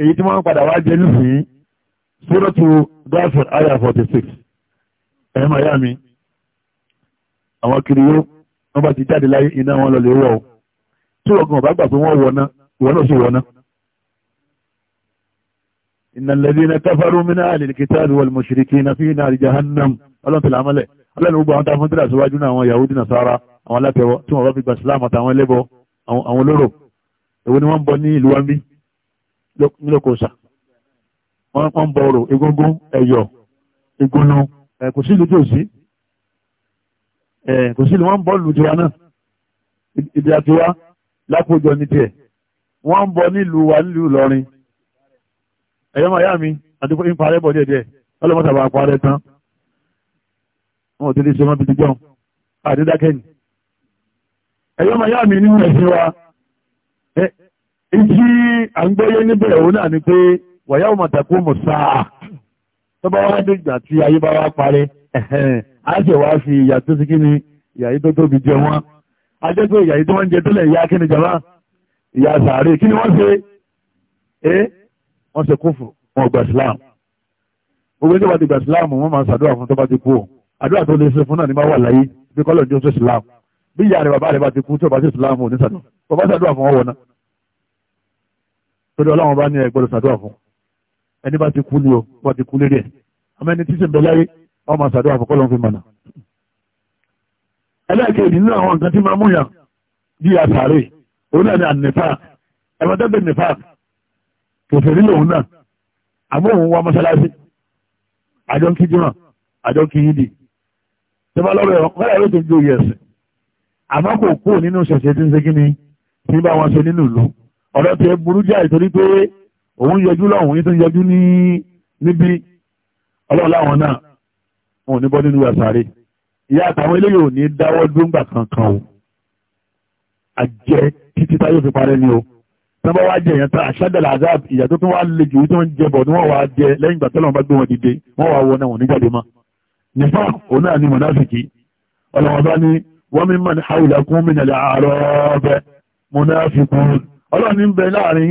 S1: èyí tí wọ́n padà wá jẹ nísìnyí sórọ́tù gáfẹ̀t àyà forty six ẹ̀ máa mi àwọn kiri yó wọ́n bá ti jáde láyé iná wọn lọ lè wọ̀ ọ́ tí ọ̀gbọ̀n bá gbà pé wọ́n wọ̀ náà ìwọ náà sì wọná. innal ladhina kafaru min ahlil kitabi wal mushrikina fi nari jahannam ọlọ́tẹ̀lẹ̀ amọ́lẹ̀ ọlọ́ni gbogbo àwọn táwọn tíra síwájú náà àwọn yahudi nasara àwọn alátẹ̀wọ́ tí wọ́n bá fi gba islam àtàwọn ẹlẹ́bọ àwọn olóró èwo ni wọ́n ń bọ ní ìlú wambi lókòsà wọ́n ń bọ orò egúngún ẹ̀yọ̀ ìgúnnu kò sí ìlú tòsí kò sí ìlú wọ́n ń bọ lù tiwa náà ìdí àtiwá lápòjọ ní tiẹ̀ wọ́n ń bọ nílùú wa nílùú Ìlọrin ẹ̀yọ́ màá yá mi àti ń parẹ́ bọ̀ díẹ̀ díẹ̀ ọlọ́mọta bá parẹ́ tán wọn ò tẹ́lẹ̀ ṣe mọ́ bíi jọ́n àdídákẹ́yìn ẹ̀yọ́ màá yá mi nínú ẹ̀sìn wa ìjì àgbọ́yé níbẹ̀ òun náà ni pé wàyá òmàtàkùn mùsáà tó bá wá dìgbà tí ayé bá wá parẹ́ a ṣe wá fi ìyà tó sí kí ni ìyà yìí tó tóbi jẹ wọn a jẹ́ pé ìyà yìí tó wọ́n jẹ tẹ́lẹ̀ ìyá kí ni jàmáà ìyá sàárè kí ni wọ́n ṣe é wọ́n ṣe kófò wọn gba islam gbogbo ẹjọ́ bá ti gba islam wọ́n máa ń ṣàdúrà fún tó bá ti kú o àdúrà tó lè ṣe fún náà ní máa wà láyé bí kọ́lọ̀ ní oṣù islam bí ìyá rẹ̀ bàbá rẹ̀ bá ti kú tó bá ti islam ò ní ṣàdúrà bàbá ṣàdúrà fún wọn wọ̀ náà torí ọlọ́run bá ní ẹ gbọ́dọ̀ ṣàdúrà fún ẹni bá ti kú ni o bá ti kú lérí ẹ̀ àmọ́ ẹni tí sì ń bẹ láyé wọ́n òun náà ni ànífàk ẹ̀fọ́tẹ́gbẹ̀ nífàk kẹfẹ́rí lòun náà àmọ́ òun wá mọ́ṣáláṣí àjọ ń kí jùmọ̀ àjọ ń kí yídì tí wọ́n lọ́rọ̀ ẹ̀rọ mọ́lá yóò tó ń jó yẹ ẹ̀sìn àmọ́ kò kú nínú ṣẹ̀ṣẹ̀ tí ń ṣe kíni tí bá wọn ṣe nínú ìlú ọ̀rọ̀ tí ẹ burú jáì torí pé òun yọjú lọ́hùn yìí tó ń yọjú ní níbí ọlọ́ọ̀lá wọn náà wọn ò ní àjẹ títí táyé fi parẹ́ ni o tábà wá jẹ ìyẹn tá àṣàdàlà azab ìyà tó tún wá le jù tí wọ́n ń jẹ bọ̀ ni wọ́n wá jẹ lẹ́yìn ìgbà tọ́lọ́wọ́n bá gbé wọn dìde wọ́n wá wọ náà wọn níjáde mọ́ nípa òun náà ni mọ̀náfìkì ọlọ́wọ́n bá ní wọ́n mi mọ̀ ní hawlakum min al-a'rab mọ̀náfìkún ọlọ́run ní ń bẹ ó ní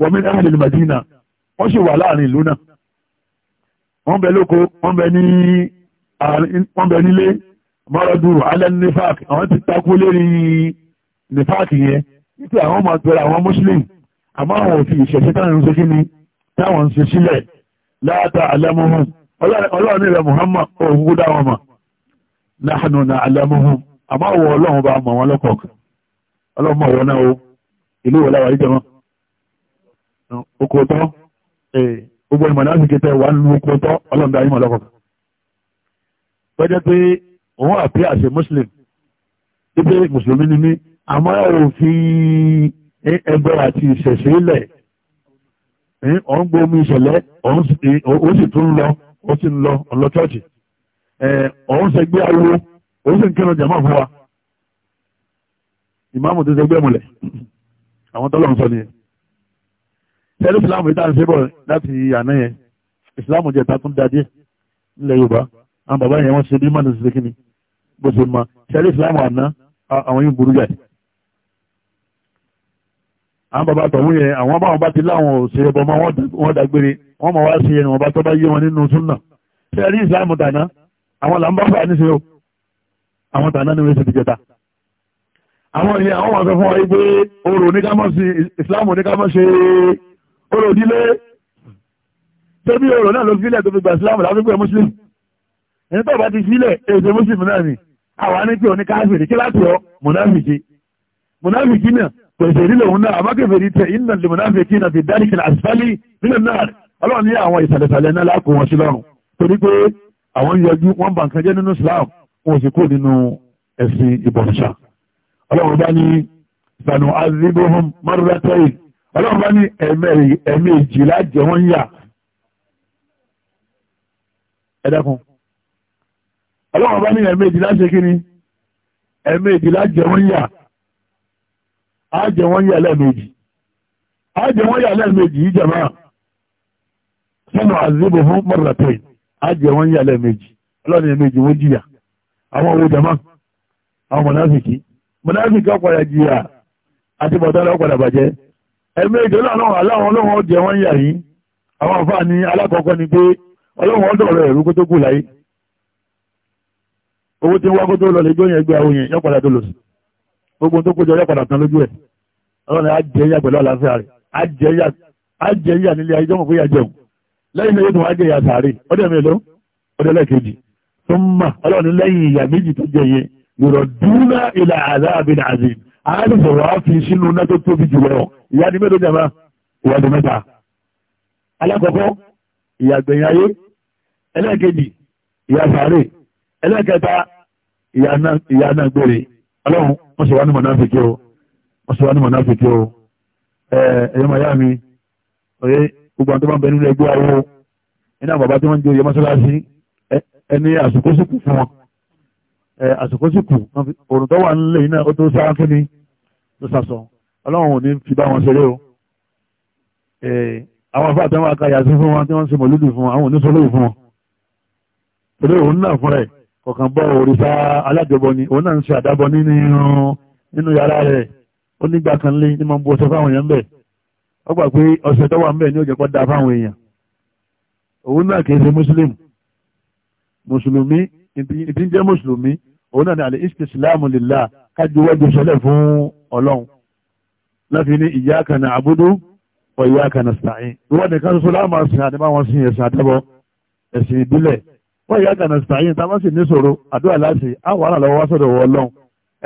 S1: wọ́n mi ní ahli madina wọ́n sì wà láàrin ìlú náà wọ́n bẹ lóko wọ́n bẹ ní wọ́n bẹ nílé mọ́rọ́dù alẹ́ nífàk àwọn ti takú lérí nífàk yẹn nítorí àwọn máa pẹ̀lú àwọn muslim àmọ́ àwọn òfin ìṣẹ̀ṣẹ̀ táwọn ń ṣe kí ni táwọn ń ṣe sílẹ̀ láàtà alẹ́mọ́hún ọlọ́run ní rẹ̀ muhammad òun kú dáwọn mọ̀ náhànú na alẹ́mọ́hún àmọ́ àwọn ọlọ́run bá mọ̀ wọn lọ́kọ̀ọ̀kan ọlọ́run mọ̀ wọn náà o ìlú wọlé wà ní jẹ́mọ́ Eh, gbogbo ìmọ̀ náà sì kẹtẹ wà nínú oko tọ́ ọlọ́dà ayé mọ̀lọ́kọ̀ tọ́jẹ́ pé òun àpí àṣẹ muslim ibi mùsùlùmí ni mí àmọ́ òfin ẹgbẹ́ àti ìṣẹ̀ṣẹ̀ ilẹ̀ ọ̀n gbomi ìṣẹ̀lẹ̀ ó sì tún lọ ó sì ń lọ ọ̀lọ́ chọ́ọ̀chì ọ̀n sẹgbẹ́ awo ó sì ń kírun jàmọ́ fún wa ìmáàmù tó sẹgbẹ́ mọ̀lẹ̀ àwọn tọ́lọ́ sọ nìyẹn tẹ́lú ìsìláàmù ìdá ìṣẹ́bọ̀ láti àná yẹn ìsìláàmù jẹ́ takún dáadé nílẹ̀ yorùbá àwọn bàbá yẹn wọ́n ṣe bí mọ́nà ṣe kíni bó ṣe mọ́ tẹ́lú ìsìláàmù àná àwọn yìí burú jáde àwọn bàbá tọ̀hún yẹn àwọn bá wọn bá ti láwọn òṣè ẹbọ mọ́ wọn dágbére wọn mọ̀ wá sí ẹni wọn bá tọ́ bá yé wọn nínú súnà tẹ́lú ìsìláàmù tàná àwọn là fà ní ṣe o àwọn tàná ni wọ́n ṣe ti jẹta àwọn yẹn àwọn wọn sọ fún wa yìí pé oòrùn oníkámọ́ sí ìsìláàmù orò ìdílé tóbi orò náà ló fílẹ̀ tó fi gbà sílámù láfíkú ẹ̀ mùsùlùmí ẹni tó bá ti fílẹ̀ èdè mùsùlùmí náà ni àwa ní pé oníkáfìrí kí láti ọ mùnáfìkì mùnáfìkì náà pèsè ìdílé òun náà àbákẹ́fẹ̀rí tẹ iná lè mùnáfìkì náà fi dárí kìlà àsìfálì nínú náà ọlọ́run ní àwọn ìsàlẹ̀sàlẹ̀ náà lákò wọn sí lọ́rùn torí pé àwọn yọjú wọn bá nǹkan jẹ́ nínú Islam wọn ò sì kó nínú ẹ̀sìn ìbọ̀nṣà ọlọ́run bá ní sanu azibuhum marratayn ọlọ́run bá ní ẹ̀mẹ́jì lájẹ wọ́n yà ẹ̀dẹ́kun ọlọ́run bá ní ẹ̀mẹ́jì lájẹ kí ni ẹ̀mẹ́jì lájẹ wọ́n yà ájẹ wọ́n yà lẹ́ẹ̀mẹ́jì ájẹ wọ́n yà lẹ́ẹ̀mẹ́jì yìí jẹ̀mọ́ sọ́nà àzíbò fún mọ́rọ̀tẹ́yìn ájẹ wọ́n yà lẹ́ẹ̀mẹ́jì ọlọ́run ẹ̀mẹ́jì wọ́n jìyà àwọn owó jẹ̀mọ́ àwọn mọ̀náfìkì mọ̀náfìkì ọ̀pọ̀ ẹ̀mí èdè ọlọ́run aláwọn ọlọ́run ọjẹ́ wọ́n yà yìí àwọn àfáà ní alákọ̀ọ́kọ́ ni pé ọlọ́run ọdọ̀ rẹ̀ ẹ̀rú kó tó kù láyé owó tí wọ́n kó tó lọ lè jó yẹn gbé àwọn yẹn yọ padà tó lò sí gbogbo tó kójọ yọ padà tán lójú ẹ̀ ọlọ́run á jẹ pẹ̀lú àlàáfíà rẹ̀ àádìsọ̀ wà á fi sínú náà tó tóbi jùlọ ìyá ni mẹ́ta jàmá ìyá ni mẹ́ta alákọ̀ọ́kọ́ ìyàgbẹ̀yìn ayé ẹlẹ́ẹ̀kejì ìyá sàárè ẹlẹ́ẹ̀kẹta ìyá náà gbére ọlọ́run wọ́n sì wá ní mọ̀náfíkì o wọ́n sì wá ní mọ̀náfíkì o ẹ̀yọ́ màyá mi òye gbogbo àwọn tó bá ń bẹ nínú ẹgbẹ́ awo iná bàbá tí wọ́n ń jẹ oyè mọ́sálásí ẹni àsìkò sùkù fún wọn. Eh, àsìkò sì kù òrùn tó wà nílé iná ó tó sáá kí ni ló sàsọ ọlọ́run ò ní fi bá wọn ṣeré o eh, àwọn afọ àtẹwọn akáyà sí fún wọn tí wọ́n ń ṣe mọ̀lúdì fún wọn àwọn oníṣòlówó fún wọn torí òun náà fún rẹ̀ kọ̀kan bọ́ òrìṣà alájọbọ ni òun náà ń ṣe àdábọ nínú yàrá rẹ̀ ó nígbà kan lé ní máa ń bu ọṣẹ fáwọn èèyàn bẹ̀ ó pé ọṣẹ tó wà ń bẹ̀ ní òjẹ̀kọ́ da fáwọn èèyàn òun náà kì í ṣe mùsùlùmí mùsùlùmí ibi ń jẹ́ mùsùlùmí òun náà ni àlè istislamu lillah kájú wọ́jú sọlẹ̀ fún ọlọ́run láti ní iyyaka na'budu wa iyyaka nasta'in ìwọ́n nìkan ṣoṣo láàmà sìn àdébá wọn sìn ẹ̀sìn àtẹ́bọ̀ ẹ̀sìn ìbílẹ̀ wa iyyaka nasta'in tá a bá sì ní ṣòro àdúrà láti á wàhálà lọ́wọ́ wá sọ̀dọ̀ wọ ọlọ́run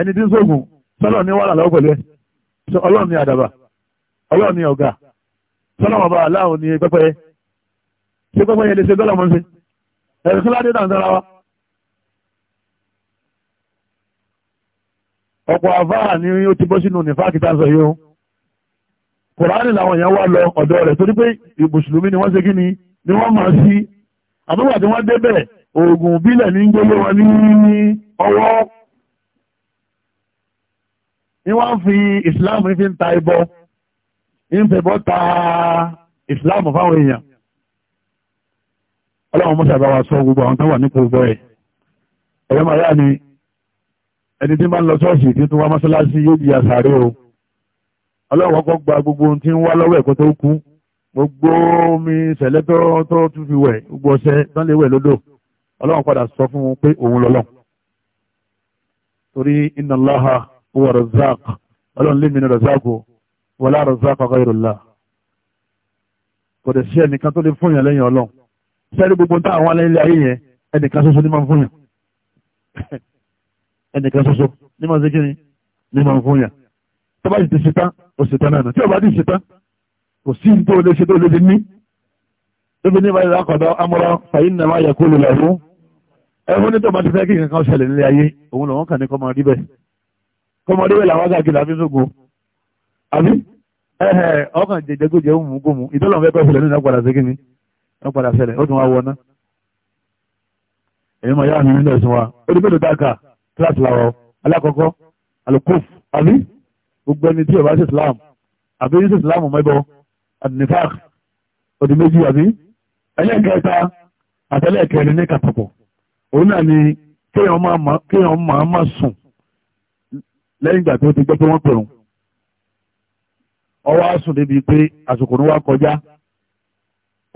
S1: ẹni tí ń sógun sọ́lọ́ ní wàhálà lọ́wọ́ pẹ̀lú ẹ̀ ọlọ́run ni àdàbà ọlọ́run ni ọ̀gá sọ́lọ́ ẹ̀rù kí ládé dàndara wa ọ̀pọ̀ àfáà ni ó ti bọ́ sínú nìfà kìtà sọ yóò kùránì làwọn èèyàn wá lọ ọ̀dọ̀ rẹ̀ torí pé mùsùlùmí ni wọ́n ṣe kí ni ni wọ́n máa sí àbúrò àti wọ́n débẹ̀ oògùn bílẹ̀ ní gbélé wọn ní ọwọ́ ni wọ́n fi islam fi ń ta ibọ ń fẹ̀bọ́ ta islam fáwọn èèyàn ọlọ́run mọ́sà bá wa sọ gbogbo àwọn tó wà nípò bọ́ ẹ̀ ẹ̀yọ́ máa yá ni ẹni tí máa ń lọ ṣọ́ọ̀ṣì tí tún wá mọ́sálásí yóò di àsàrí o ọlọ́run kọ́kọ́ gba gbogbo ohun tí ń wá lọ́wọ́ ẹ̀kọ́ tó kú gbogbo omi ìṣẹ̀lẹ̀ tó tó tún fi wẹ̀ gbogbo ọṣẹ tán lè wẹ̀ lódò ọlọ́run padà sọ fún un pé òun lọ́lọ́ torí inna Allaha huwa razzaq ọlọ́run lé mi ní razzaq wala razzaqa ghayrullah kò dẹ̀ sí ẹnìkan tó lè fún yàn lẹ́yìn ọlọ́run sẹ́rí gbogbo tá àwọn alẹ́ ilé ayé yẹn ẹnìkan ṣoṣo ní máa ń fún yàn ẹnìkan ṣoṣo ní máa ń ṣe ni ní máa ń fún yàn tó bá sì ti ṣetán ó ṣetán náà tí ó bá ti ṣetán kò sí ní tó lè ṣe tó lè ní lóbi ní ìbáyìí lákọ̀dọ̀ amúra fàyín nàmá yẹ̀kú lulẹ̀ fún ẹ̀fún ní tó bá ti fẹ́ kí nǹkan kan ṣẹlẹ̀ nílé ayé òun lòun kàn ní kọ́mọ wọ́n padà ṣẹlẹ̀ ó tún wá wọná èyí mọ̀ yára mi nílẹ̀ ẹ̀sùn wa ó ní mélòó dáka kíláàsì làwọ̀ alákọ̀ọ́kọ́ alukuf àbí gbogbo ẹni tí ọba ṣe islam àbí ṣe islam mẹ́bọ adinifak odi méjì àbí ẹlẹ́ẹ̀kẹta àtẹlẹ́ẹ̀kẹrin ní kàtàpọ̀ òun náà ni kéèyàn máa máa sùn lẹ́yìn ìgbà tó ti gbọ́ pé wọ́n pẹ̀rùn ọwọ́ á débi pé àsìkò ní wá kọjá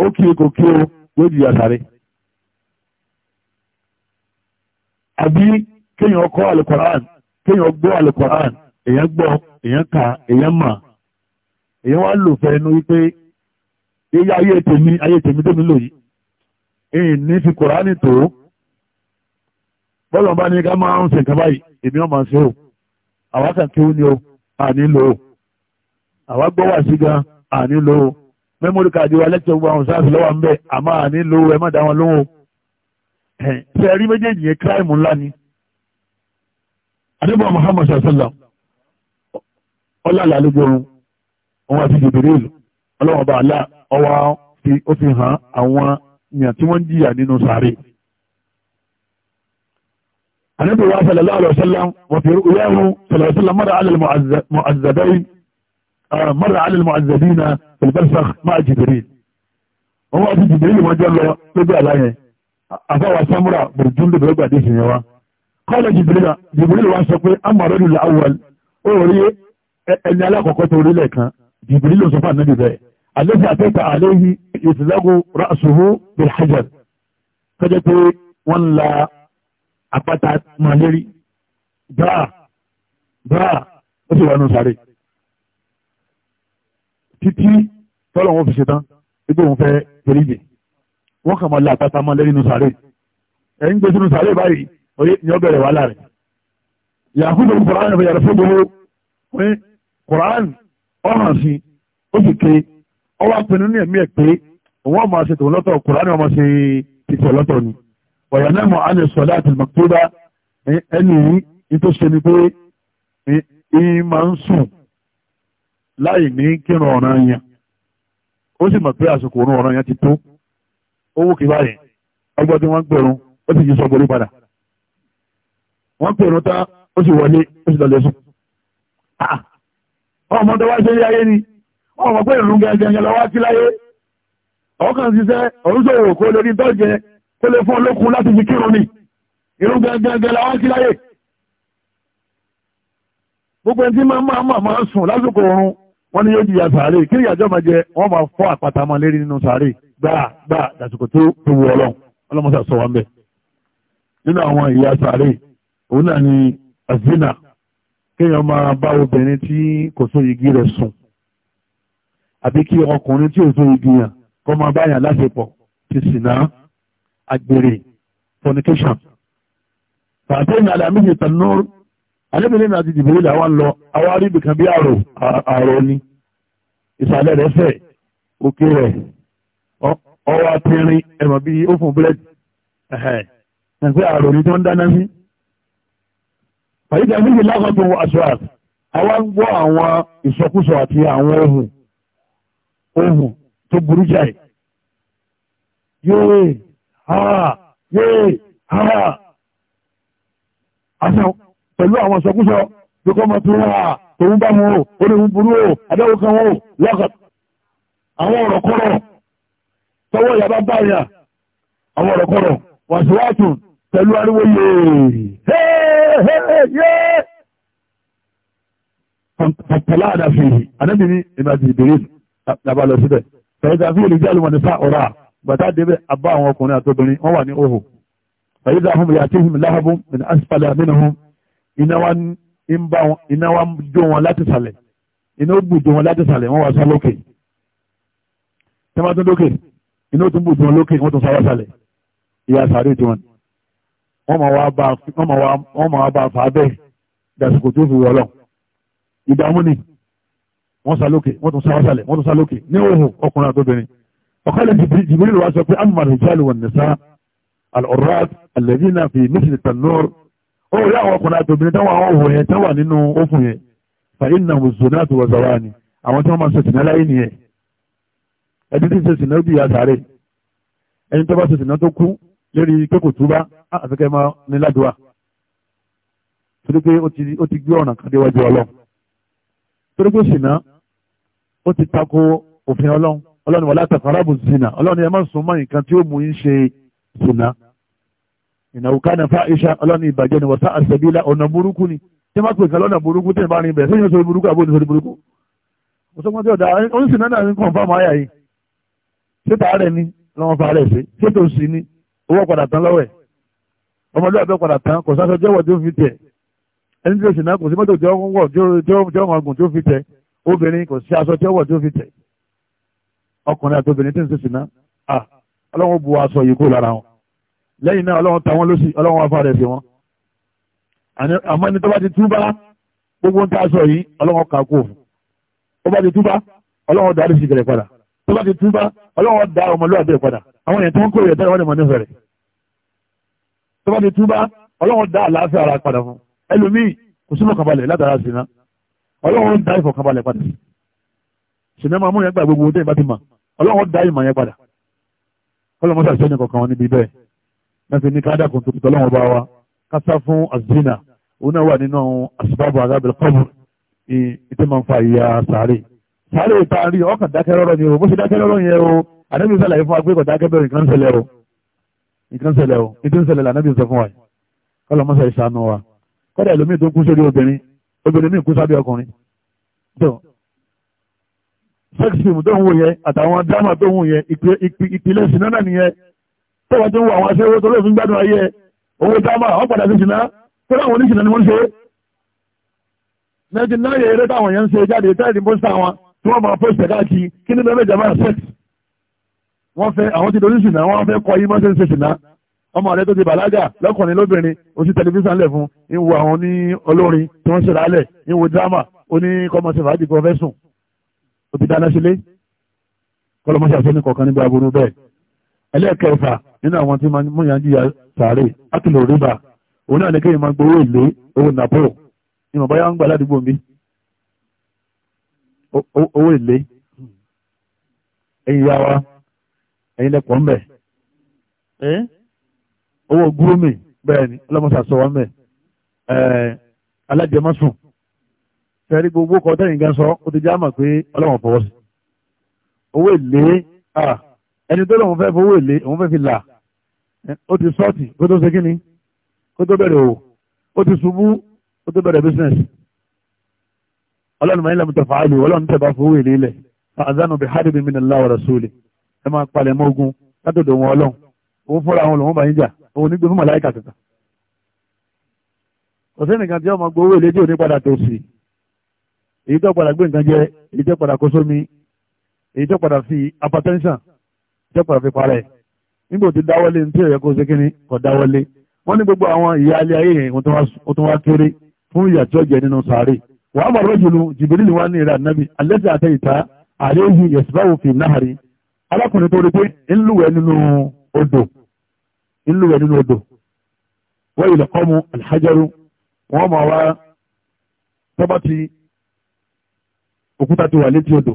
S1: ó kí ekò kí o yóò jìyà sáré àbí kéèyàn kọ́ alukoran kéèyàn gbọ́ alukoran èèyàn gbọ́ èèyàn kà èèyàn mà èèyàn wá lò fẹ́ inú wípé yíyá ayé tèmi ayé tèmi tèmi lò yìí èyí ní fi kòránì tó bọ́lọ̀ bá ní ká máa ń ṣe báyìí èmi ọmọ ṣe o àwa kàn kí ó ní o àní lò ó àwa gbọ́ wà sí gan àní lò ó mẹ́mórì káàdì wa lẹ́tọ̀ gbogbo àwọn sáàfì lọ́wọ́ ń bẹ̀ àmọ́ àní lo ẹ má dá wọn lóhùn o ṣe rí méjèèjì yẹn kíráìmù ńlá ni adébọ̀ Muhammad sallam ọlọ́lá lójú oorun òun àti Jibril ọlọ́wọ́n bá àlá ọwọ́ ó fi hàn àwọn èèyàn tí wọ́n ń jìyà nínú sàárè àníbò wa sallallahu alaihi wasallam wọ́n fi rú ìyá ìrún sallallahu alaihi wasallam mọ́ra alẹ́ mọ́ àzàdáyìí mọ́ra alẹ́lẹ́mọ́ àzẹ̀dínà ìlbẹ́sàk máa jìbìrì wọ́n wá sí jìbìrì wọ́n jọ lọ lójú àlá yẹn àfáwà sámúra bùrùdún lè bẹ̀rẹ̀ gbàdé ìsìn yẹn wa kọ́lẹ̀ jìbìrì wa sọ pé amọ̀rẹ́dù làwọ̀l ó rí ẹni alákọ̀ọ́kọ́ tó rí lẹ́ẹ̀kan jìbìrì ló sọ fún ànábì bẹ́ẹ̀ àlẹ́fẹ́ àtẹ́ta àlẹ́yìn ìsìlágò rásùwò bil hajar kọjá pé wọ́n la àpáta màlérí báà báà ó sì wà nù sáré títí tọ́lọ̀ wọn fi ṣe tán ibi òun fẹ́ tẹ̀lé wọ́n kàn máa la àtàtà máa lẹ́nu sàárè ẹ̀yìn gbèsè nu sàárè báyìí oyè ni ó bẹ̀rẹ̀ wàhálà rẹ̀ yàhùn ló ń kọ̀ọ̀rán ẹ̀fẹ̀ yàrá fún gbogbo pé kọ̀ọ̀rán ọ̀hàn sí ó sì ké ọwọ́ apinnu ní ẹ̀mí ẹ̀ pé òun ọmọ àṣẹ tòun lọ́tọ̀ kọ̀ọ̀rán ọmọ ṣe tìtẹ̀ lọ́tọ̀ ni ọ̀yà náà mọ̀ ánì sọ̀lá àti màkúbá ẹni yìí tó ṣe ni pé ìmọ̀ ń sùn láì ní kírun ọ̀nà yẹn ó sì mọ̀ pé àsìkò òun ọ̀nà yẹn ti tó owó kì báyìí ọgbọ́n tí wọ́n ń o ó sì yí sọ borí padà wọ́n ń tá ó sì wọlé ó sì lọlé ah! ọmọ tó wá ṣe ayé ni pé gẹ́gẹ́ sí láyé ọkàn ṣiṣẹ́ kó lórí fún olókun láti fi kírun ni gẹ́gẹ́ wọ́n ní yóò jìyà sàárè kí ìyàjọ́ máa jẹ wọ́n máa fọ́ àpáta máa lérí nínú sàárè gbáà gbáà dàsìkò tó tó wù ọlọ́run ọlọ́mọṣà sọ wa ń nínú àwọn ìyà sàárè òun náà ni azina kéèyàn máa bá obìnrin tí kò so igi rẹ̀ sùn àbí kí ọkùnrin tí ò so igi yàn kó máa bá yàn láṣepọ̀ ti sìnà àgbèrè fornication. fàtẹ́yìn alámi ìtàn náà alẹ́bìnrin náà ti dìbò ilẹ̀ àwọn lọ àwọn aríbi kan bí àrò àrò ni ìsàlẹ̀ rẹ̀ fẹ̀ òkè rẹ̀ ọwọ́ apẹ̀rin ẹ̀mọ̀ bíi ófùn búrẹ́dì ẹ̀fẹ́ àrò ni tó ń dáná sí. fàyíkà níbi lákòótò aṣọ àti àwa ń gbọ́ àwọn ìsọkúsọ àti àwọn ohun ohun tó burú jáì yéé ha yéé ha pẹ̀lú àwọn sọkúsọ bí kò mọ̀ tí wọ́n wà òun bá wọn o ó lè ń burú o adáwọ̀ kan wọn o lọ́kàn àwọn ọ̀rọ̀ kọ́rọ̀ tọwọ́ ìyàbá báyà àwọn ọ̀rọ̀ kọ́rọ̀ wàṣíwáàtù pẹ̀lú ariwo yéèrè fàtàlá àdàfihì anábì ní ìbàdí ìbèrè làbà lọ síbẹ̀ fẹ̀yìntà fi ìlú jálùmọ̀ nípa ọ̀rá gbàtà débẹ̀ abá àwọn ọkùnrin àtobìnrin wọ́n wà ní òhò fẹ̀yìntà fún mi àti ìhùn láhàbùn min asfala minhum iná wa ń bá wọn iná wa ń jó wọn láti sàlẹ̀ iná ó bù jó wọn láti sàlẹ̀ wọ́n wá sá lókè tẹ́mátún lókè iná ó tún bù jó wọn lókè wọ́n tún sá wá sàlẹ̀ ìyá sàárè tí wọ́n máa wá bá a fà á bẹ́ẹ̀ dàsìkò tó fi wọ́lọ̀ ìdààmú ni wọ́n sá lókè wọ́n tún sá wá sàlẹ̀ wọ́n tún sá lókè ní òhùn ọkùnrin àtọ́bìnrin ọ̀kọ́lẹ̀ Jibril wa sọ pé amadu ó rí àwọn ọkùnrin àtòbìnrin táwọn àwọn òhùn yẹn táwà nínú òfun yẹn fàyè nà wùzò náà tó wọ̀zọ̀wá ni àwọn tí wọ́n máa sọ̀tì náà láyé nìyẹn ẹni tí ń sọ̀tì náà bí ìyá sáré ẹni tó bá sọ̀tì náà tó kú lérí kékò túbá àfikẹ́ máa ní ládùúwà torí pé ó ti gbé ọ̀nà kan déwájú ọlọ́run torí pé ṣìnà ó ti tako òfin ọlọ́run ọlọ́run wọlé àtàkùn arábùsùn ṣìnà ọlọ́run ẹ má sún mọ́ nǹkan tí ó mú yín ṣe ṣìnà ìnáwó kánà fá iṣẹ́ ọlọ́ni ìbàjẹ́ ni wọ́tá àṣẹbílá ọ̀nà burúkú ni tí wọ́n pè kan lọ́nà burúkú tí ìbá rin bẹ̀ sẹ́yìn sórí burúkú àbóyún sórí burúkú. òṣùwọ́n tí ọ̀dà oyún sì náà ń kọ̀ǹfà máa yà yìí ṣé tààrẹ ni lọ́wọ́ fa rẹ̀ ṣe ṣé tó sì ni owó padà tán lọ́wẹ̀ ọmọdé àbẹ́ padà tán kò sáṣọ jẹ́wọ̀ tí ó fi tẹ̀ ẹni tí ó sì náà kò sí mọ́tò tí ó ń wọ̀ tí ó mọ̀gùn tí ó fi tẹ̀ obìnrin kò sí aṣọ tí ó wọ̀ tí ó fi tẹ̀ ọkùnrin àti obìnrin tí ń ṣe sì náà ọlọ́run bu aṣọ yìí kó lára wọn lẹ́yìn náà ọlọ́run ta wọ́n lọ́sí ọlọ́run wá fàrẹ̀ sí wọn àmọ́ ẹni tó bá ti túbá gbogbo ń tàṣọ yìí ọlọ́run kà kó fún ó bá ti túbá ọlọ́run darí sí ìkẹrẹ padà tó bá ti túbá ọlọ́run da ọmọlúwàbí ẹ̀ padà àwọn èèyàn tó ń kó ìyẹn tẹ́lẹ̀ wọ́n lè mọ̀ nífẹ̀ẹ́ rẹ̀ tó bá ti túbá ọlọ́run da àlàáfíà ara padà fún ẹlòmíì kò sí mọ̀kànbalẹ̀ látara sí náà fi ní káàdà kò tóbi tọ́lọ́wọ́n bá wa kásá fún azina òun náà wà nínú asibabu agábẹ̀rẹ̀ kọ́bù ìtẹ́ máa ń fa ìyá sàárè sàárè ìparí ọkàn dákẹ́ rọ́rọ́ ni o bó ṣe dákẹ́ rọ́rọ́ yẹn o ànábì sàlàyé fún agbẹ́kọ̀ dákẹ́ bẹ̀rẹ̀ nǹkan ṣẹlẹ̀ o nǹkan ṣẹlẹ̀ o ètò ìṣẹlẹ̀ lànàbì sọ fún wa kọ́lọ́ mọ́sá ìṣàánú wa kọ́dà ẹlòmíì tó kú sórí obìnrin obìnrin míì kú sábẹ́ ọkùnrin tó sex tó ń wò yẹ àtàwọn drama tó ń wò yẹ ìpìlẹ̀ sinimá nìyẹn tó wọ́n ti ń wọ àwọn aṣẹ́wó tó lóòfin gbádùn ayé owó tábà wọ́n padà sí jìnnà tó láwọn oníṣìnà ni wọ́n ṣe nẹ́ẹ̀tì náà yẹ eré táwọn yẹn ń ṣe jáde táìdì pósítà wọn tí wọ́n máa pósítà káàkiri kí ní bẹ́ẹ̀ jẹ́ máa sẹ́ẹ̀tì wọ́n fẹ́ àwọn ti dorí ṣìnà wọ́n fẹ́ kọ yí mọ́ ṣe ṣìnà ọmọ rẹ tó ti bàlágà lọ́kùnrin lóbìnrin oṣù tẹlifíṣàn lẹ̀ fún ń wo àwọn ní olórin tí wọ́n ṣẹlẹ̀ alẹ̀ ń wo dírámà ó ní kọ́mọṣẹ́ fàájì kan fẹ́ sùn ó ti dáná sílé kọ́lọ́mọṣẹ́ àṣẹ ní kọ̀ọ̀kan nígbà aburú bẹ́ẹ̀ ẹlẹ́ẹ̀kẹfà nínú àwọn tí mú yàn ya sàárè átìlò rìbà òun náà ní kéèyàn máa gbowó owó nàpọ̀ ìmọ̀ báyà ń gbà ládùúgbò mi owó ìlé ẹ̀yìn yá wa ẹ̀yìn lẹ́pọ̀ ńbẹ̀ owó gúrómì bẹ́ẹ̀ ni mẹ́ alájẹmọ́sùn fẹ́rí gbogbo kọ́ tẹ́yìn sọ ó ti pé fọwọ́ sí owó ẹni tó lóun fẹ́ fowó èlé òun fẹ́ fi là ó ti sọ́ọ̀tì kó tó ṣe kí ni kó tó bẹ̀rẹ̀ o ó ti ṣubú kó tó bẹ̀rẹ̀ business ọlọ́run mọ̀lẹ́mú tẹ̀fà àlù ọlọ́run tẹ̀fà fowó èlé ilẹ̀ fàzánù bí hádìbí mi nílá wa rasúlì ẹ máa palẹ̀ mọ́ ogun látọ̀dọ̀ wọn ọlọ́run òun fọ́ra àwọn olùwọ́n bá yín jà òun nígbè fún màláìkà tẹ̀tà kò sí nìkan tí ọmọ gbowó èlé tí ò ní padà tó sí èyí tó padà gbé nǹkan jẹ èyí tó padà kó sómi èyí tó padà fi hypertension tẹ́pọ̀ fi parẹ́ nígbò tí dáwọ́lé ní tí ẹ̀yẹ kó ṣe kíní kọ̀ dáwọ́lé wọ́n ní gbogbo àwọn ìyá alẹ́ ayé yẹn ó tún wá kéré fún ìyà tí ó jẹ nínú sàárè wàá bọ̀ rọ́jùlù jìbìrìlì wá ní ìrà nábì alẹ́sẹ̀ àtẹ ìta àléhì yẹ̀sìbáwò fi náhàrí alákùnrin tó rí pé ńlùwẹ̀ nínú odò ńlùwẹ̀ nínú odò wọ́n ilẹ̀ kọ́mu alhajaru wọ́n mọ̀ wá tọ́ba ti òkúta ti wà létí odò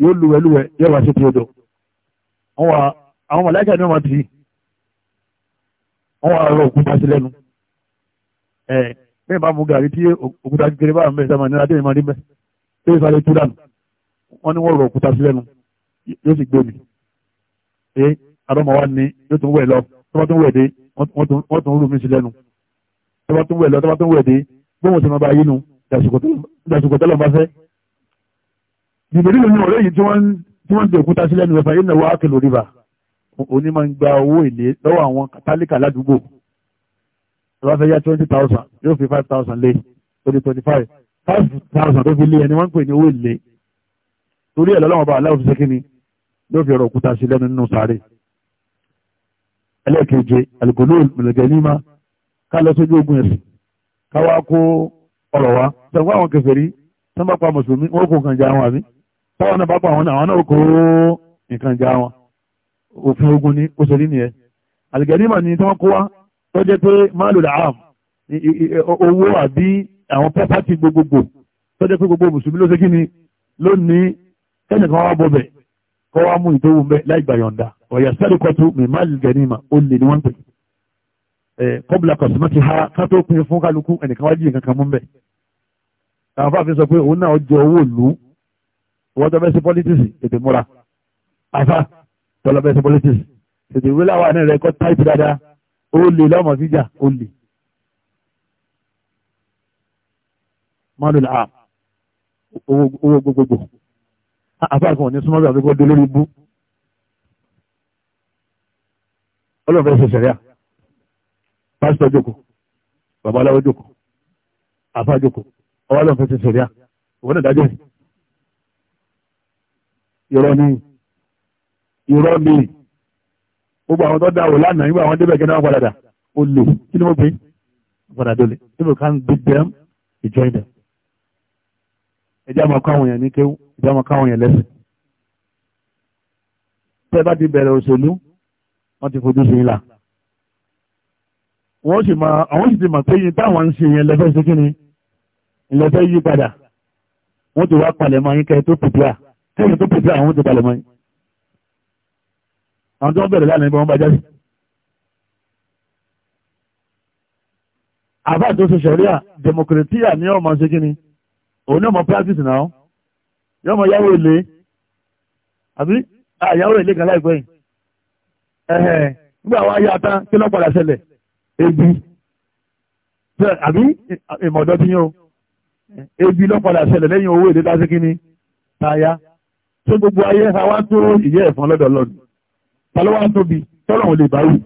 S1: yóò lùwẹ̀ lùwẹ̀ yóò wá sí ti odò àwọn mọ̀láìkà ni wọ́n ti wọ́n wá rọ òkúta sí lẹ́nu ẹ̀ bẹ́ẹ̀ bá mú gàrí tí òkúta kékeré bá mẹ́ sẹ́mà nílá tẹ́lẹ̀ máa rí mẹ́ tó yẹ sáré túdà wọ́n ní wọ́n rọ òkúta sí lẹ́nu yóò sì gbóni ẹ adọ́mọ wa ni yóò tún wẹ̀ lọ tó bá tún wẹ̀ dé wọ́n tún rú mi sí lẹ́nu tó tún wẹ̀ lọ tó tún wẹ̀ dé gbóhùn sí ma bá yín nu dàsùkò tẹ́lọ̀ tí wọ́n ń di òkúta sílẹ̀ nìyẹn fàyè náà wà á kìlò rìbá òní máa ń gba owó èlé lọ́wọ́ àwọn tálíkà ládùúgbò tó fẹ́ yá twenty thousand yóò fi five thousand lé twenty twenty five five thousand tó fi lé ẹni wọ́n ń pè ní owó èlé torí ẹ̀ lọ́lọ́wọ́ bá aláwọ̀ fi ṣe kí ni ló fi ọ̀rọ̀ òkúta sílẹ̀ nínú sáré ẹlẹ́ẹ̀keje alìkòló mẹ̀lẹ̀gẹ̀límà ká lọ sójú ogun ẹ̀sìn ká wá kó ọ̀rọ̀ wá sẹ́wọ́n àwọn kèfèrí sẹ́wọ́n pa mùsùlùmí wọ́n kò kàn já wọn àbí táwọn náà bá gbà wọn náà àwọn náà kó nǹkan já wọn òfin ogun ní ó ṣe rí nìyẹn àlìgẹ́dìmọ̀ ni tí wọ́n kó wá tó jẹ́ pé máàlù làám owó àbí àwọn pẹ́pàtì gbogbogbò tó jẹ́ pé gbogbo mùsùlùmí ló ṣe kí ni lónìí kẹ́nìkan wá bọ̀ bẹ̀ kọ́ wá mú ìtòwú mbẹ́ láì gbà yọ̀ǹda ọ̀yà sẹ́rí kọ́tù mi máàlù gẹ̀dìmọ̀ ó lè ní wọ́n pè kọ́bùlà kọ̀sùmọ́tì ha ká tó pin fún kálukú ẹnìkan wá nǹkan kan mú mbẹ́ àwọn fáfi sọ pé òun náà jẹ owó ìlú ìwọ́n tó fẹ́ sí pọ́lítíìsì tètè múra afá tó lọ fẹ́ sí pọ́lítíìsì tètè wílà wà ní rẹ̀ kọ́ táìpì dáadáa ó lè lọ́mọ fíjà ó lè. mọ́lù là á owó gbogbogbò afá kan ò ní súnmọ́ bí àfikún ọdún lórí bú ọlọ́fẹ́ ṣe sẹ̀ríà pásítọ̀ jókòó babaláwo jókòó afá jókòó ọwọ́ ọlọ́fẹ́ ṣe sẹ̀ríà òun náà dájọ́ yìí irọ́ ni irọ́ ni gbogbo àwọn tó dáwò lánàá nígbà àwọn débẹ̀ gẹ́gẹ́ wọn padà ó lè kí ni mo pè é padà dole if you can beat them you join them ẹjẹ́ àwọn akọ àwọn èèyàn ní kéwú ẹjẹ́ àwọn akọ àwọn èèyàn lẹ́sìn tẹ́ bá ti bẹ̀rẹ̀ òṣèlú wọ́n ti fojú sí ńlá wọ́n sì máa àwọn sì ti mọ̀ pé yín táwọn ń ṣe yẹn lẹ́fẹ́ sí kí ni ìlẹ́fẹ́ yí padà wọ́n ti wá palẹ̀ mọ́ yín kẹ́ tó pìpìà tẹ́yìn tó pèsè àwọn tó balẹ̀ mọ́ yìí àwọn tó wọ́n bẹ̀rẹ̀ lánàá ibà wọ́n bá jáde. àbá tó ṣe sẹ̀ríà democratia ni ọmọ ṣe kí ni òun ní ọmọ practice náà yọmọ yáwó ilé àbí àyáwó ilé kan láìpẹ́ yìí ẹ̀hẹ̀ nígbà wá yá tán kí lọ́ padà ṣẹlẹ̀ ebi àbí ìmọ̀dọ́ bí yín o ebi lọ́ padà ṣẹlẹ̀ lẹ́yìn owó èdè lásìkí ni táyà ṣé gbogbo ayé ha wá tó ìyẹ́ ẹ̀fọn lọ́dọ̀ lọ́dún ta ló wá tóbi tọ́lọ̀ wọn lè bá wù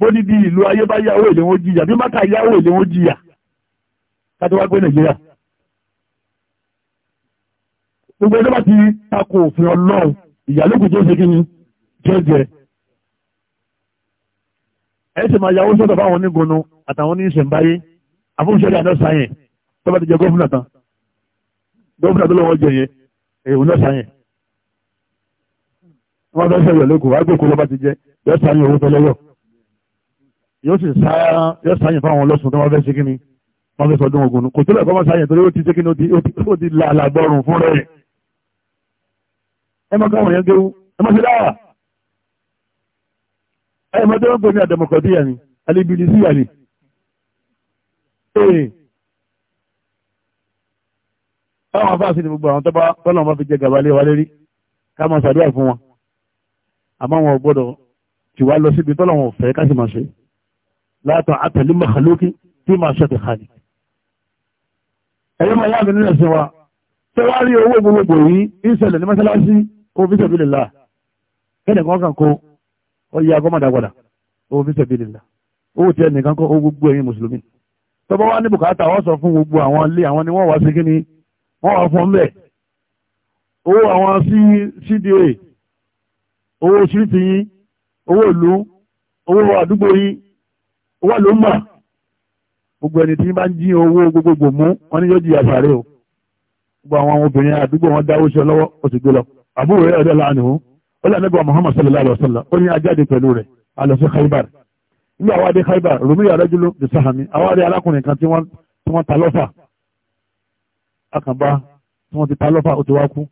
S1: bó ní bí ìlú ayé bá yáwó èlé wọn jìyà bí máka yáwó èlé wọn jìyà ká tó wá gbé nàìjíríà gbogbo ẹjọ́ bá ti takò òfin ọlọ́run ìyálókù tó ṣe kí ni jẹ́jẹ́ ẹ sì máa yàwó sọ́dọ̀ fáwọn onígunnu àtàwọn oníṣẹ̀ǹbáyé àfúnṣẹ́lẹ̀ àdọ́sáyẹn tó bá ti jẹ gómìnà tán gómìnà tó lọ́wọ́ jẹ yẹn èèwọ̀n náà sáyẹn wọ́n bá sẹ́yọ̀ lẹ́kọ̀ọ́ agbókò lọ́ba ti jẹ́ yọ sáyẹn owó tọ́lọ́yọ̀ yóò sì sáyẹn fáwọn ọlọ́sùn tó wọ́n fẹ́ ṣe kí ni wọ́n fẹ́ sọdún ogun kò tó lẹ́kọ̀ọ́ sáyẹn torí ó ti ṣe kí ni ó ti la àlàgbọ́rùn fún rẹ̀ ẹ má káwọn yẹn gẹ́wú ẹ má ṣe dáwà ẹ má tó ń pè ní àdẹmọkọ̀díyà ni alibidisíyà ni táwọn afá sí ni gbogbo àwọn tọ́ba tọ́lọ̀ wọn fi jẹ gàba lé wa lérí ká máa ṣàdúrà fún wọn àmọ́ wọn ò gbọ́dọ̀ tì wá lọ síbi tọ́lọ̀ wọn ò fẹ́ ká sì máa ṣe látọ̀ àtẹ̀lé mọ̀kàlókì tí máa ṣe ti hàní. ẹ̀yọ́ máa yá mi nínú ẹ̀sìn wa tó wá rí owó gbogbogbò yìí ń ṣẹlẹ̀ ní mọ́ṣáláṣí kó fi ṣẹ̀bi lèlá kẹ́nì kan kàn kó ó yẹ akọ́mọ̀dàgbọ̀dà ó fi ṣẹ̀bi lèlá owó tiẹ̀ nìkan kó ó gbogbo ẹ̀yin mùsùlùmí tọ́ba wá ní bùkátà wọ́n sọ fún gbogbo àwọn ilé àwọn ni wọ́n wá sí kí ni wọ́n wà fún bẹ́ẹ̀ owó àwọn cda owó síríìtì yín owó ìlú owó àdúgbò yín owó àlòmà gbogbo ẹni tí bá ń jí owó gbogbogbò mú wọn ní yóò jìyà sàárè o gbogbo àwọn obìnrin àdúgbò wọn dáwó ṣe lọ́wọ́ ó sì gbé lọ àbúrò rẹ̀ ọ̀dọ́ láàánú ó lè nígbà Muhammad sallallahu alaihi wa sallam ó ní ajáde pẹ̀lú rẹ̀ alọ sí Khaibar nígbà àwọn adé Khaibar rumi yàrá jùlọ ti àwọn adé arákùnrin kan tí wọ́n ta lọ́fà akànbá tí wọ́n ti ta lọ́fà ó ti wá kú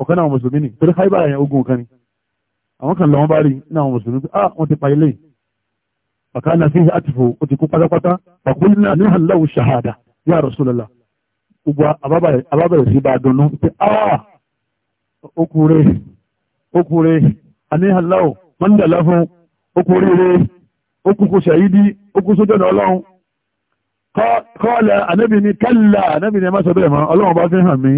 S1: ọ̀kan náà mùsùlùmí ni torí káyíbà yẹn ogun kan ni àwọn kan lọ́wọ́ bá rí náà mùsùlùmí pé ah wọ́n ti pa ilé bàkà náà sí àtìfò ó ti kú pátápátá bàkúlì náà ní àlọ́wù ṣàhádà yá Rasulullah gbogbo àbábẹ̀rẹ̀ sí bá dunnú pé ah okùnrin okùnrin àní àlọ́wù mọ́ndàlá fún okùnrin rẹ̀ okùnkùn ṣàyídí okùn sójọ́nà ọlọ́run kọ́ọ̀lẹ̀ anábì ní kẹ́lá anábì ní ẹmọ́sọ bẹ́ẹ̀ mọ́ ọlọ́run bá fi hàn mí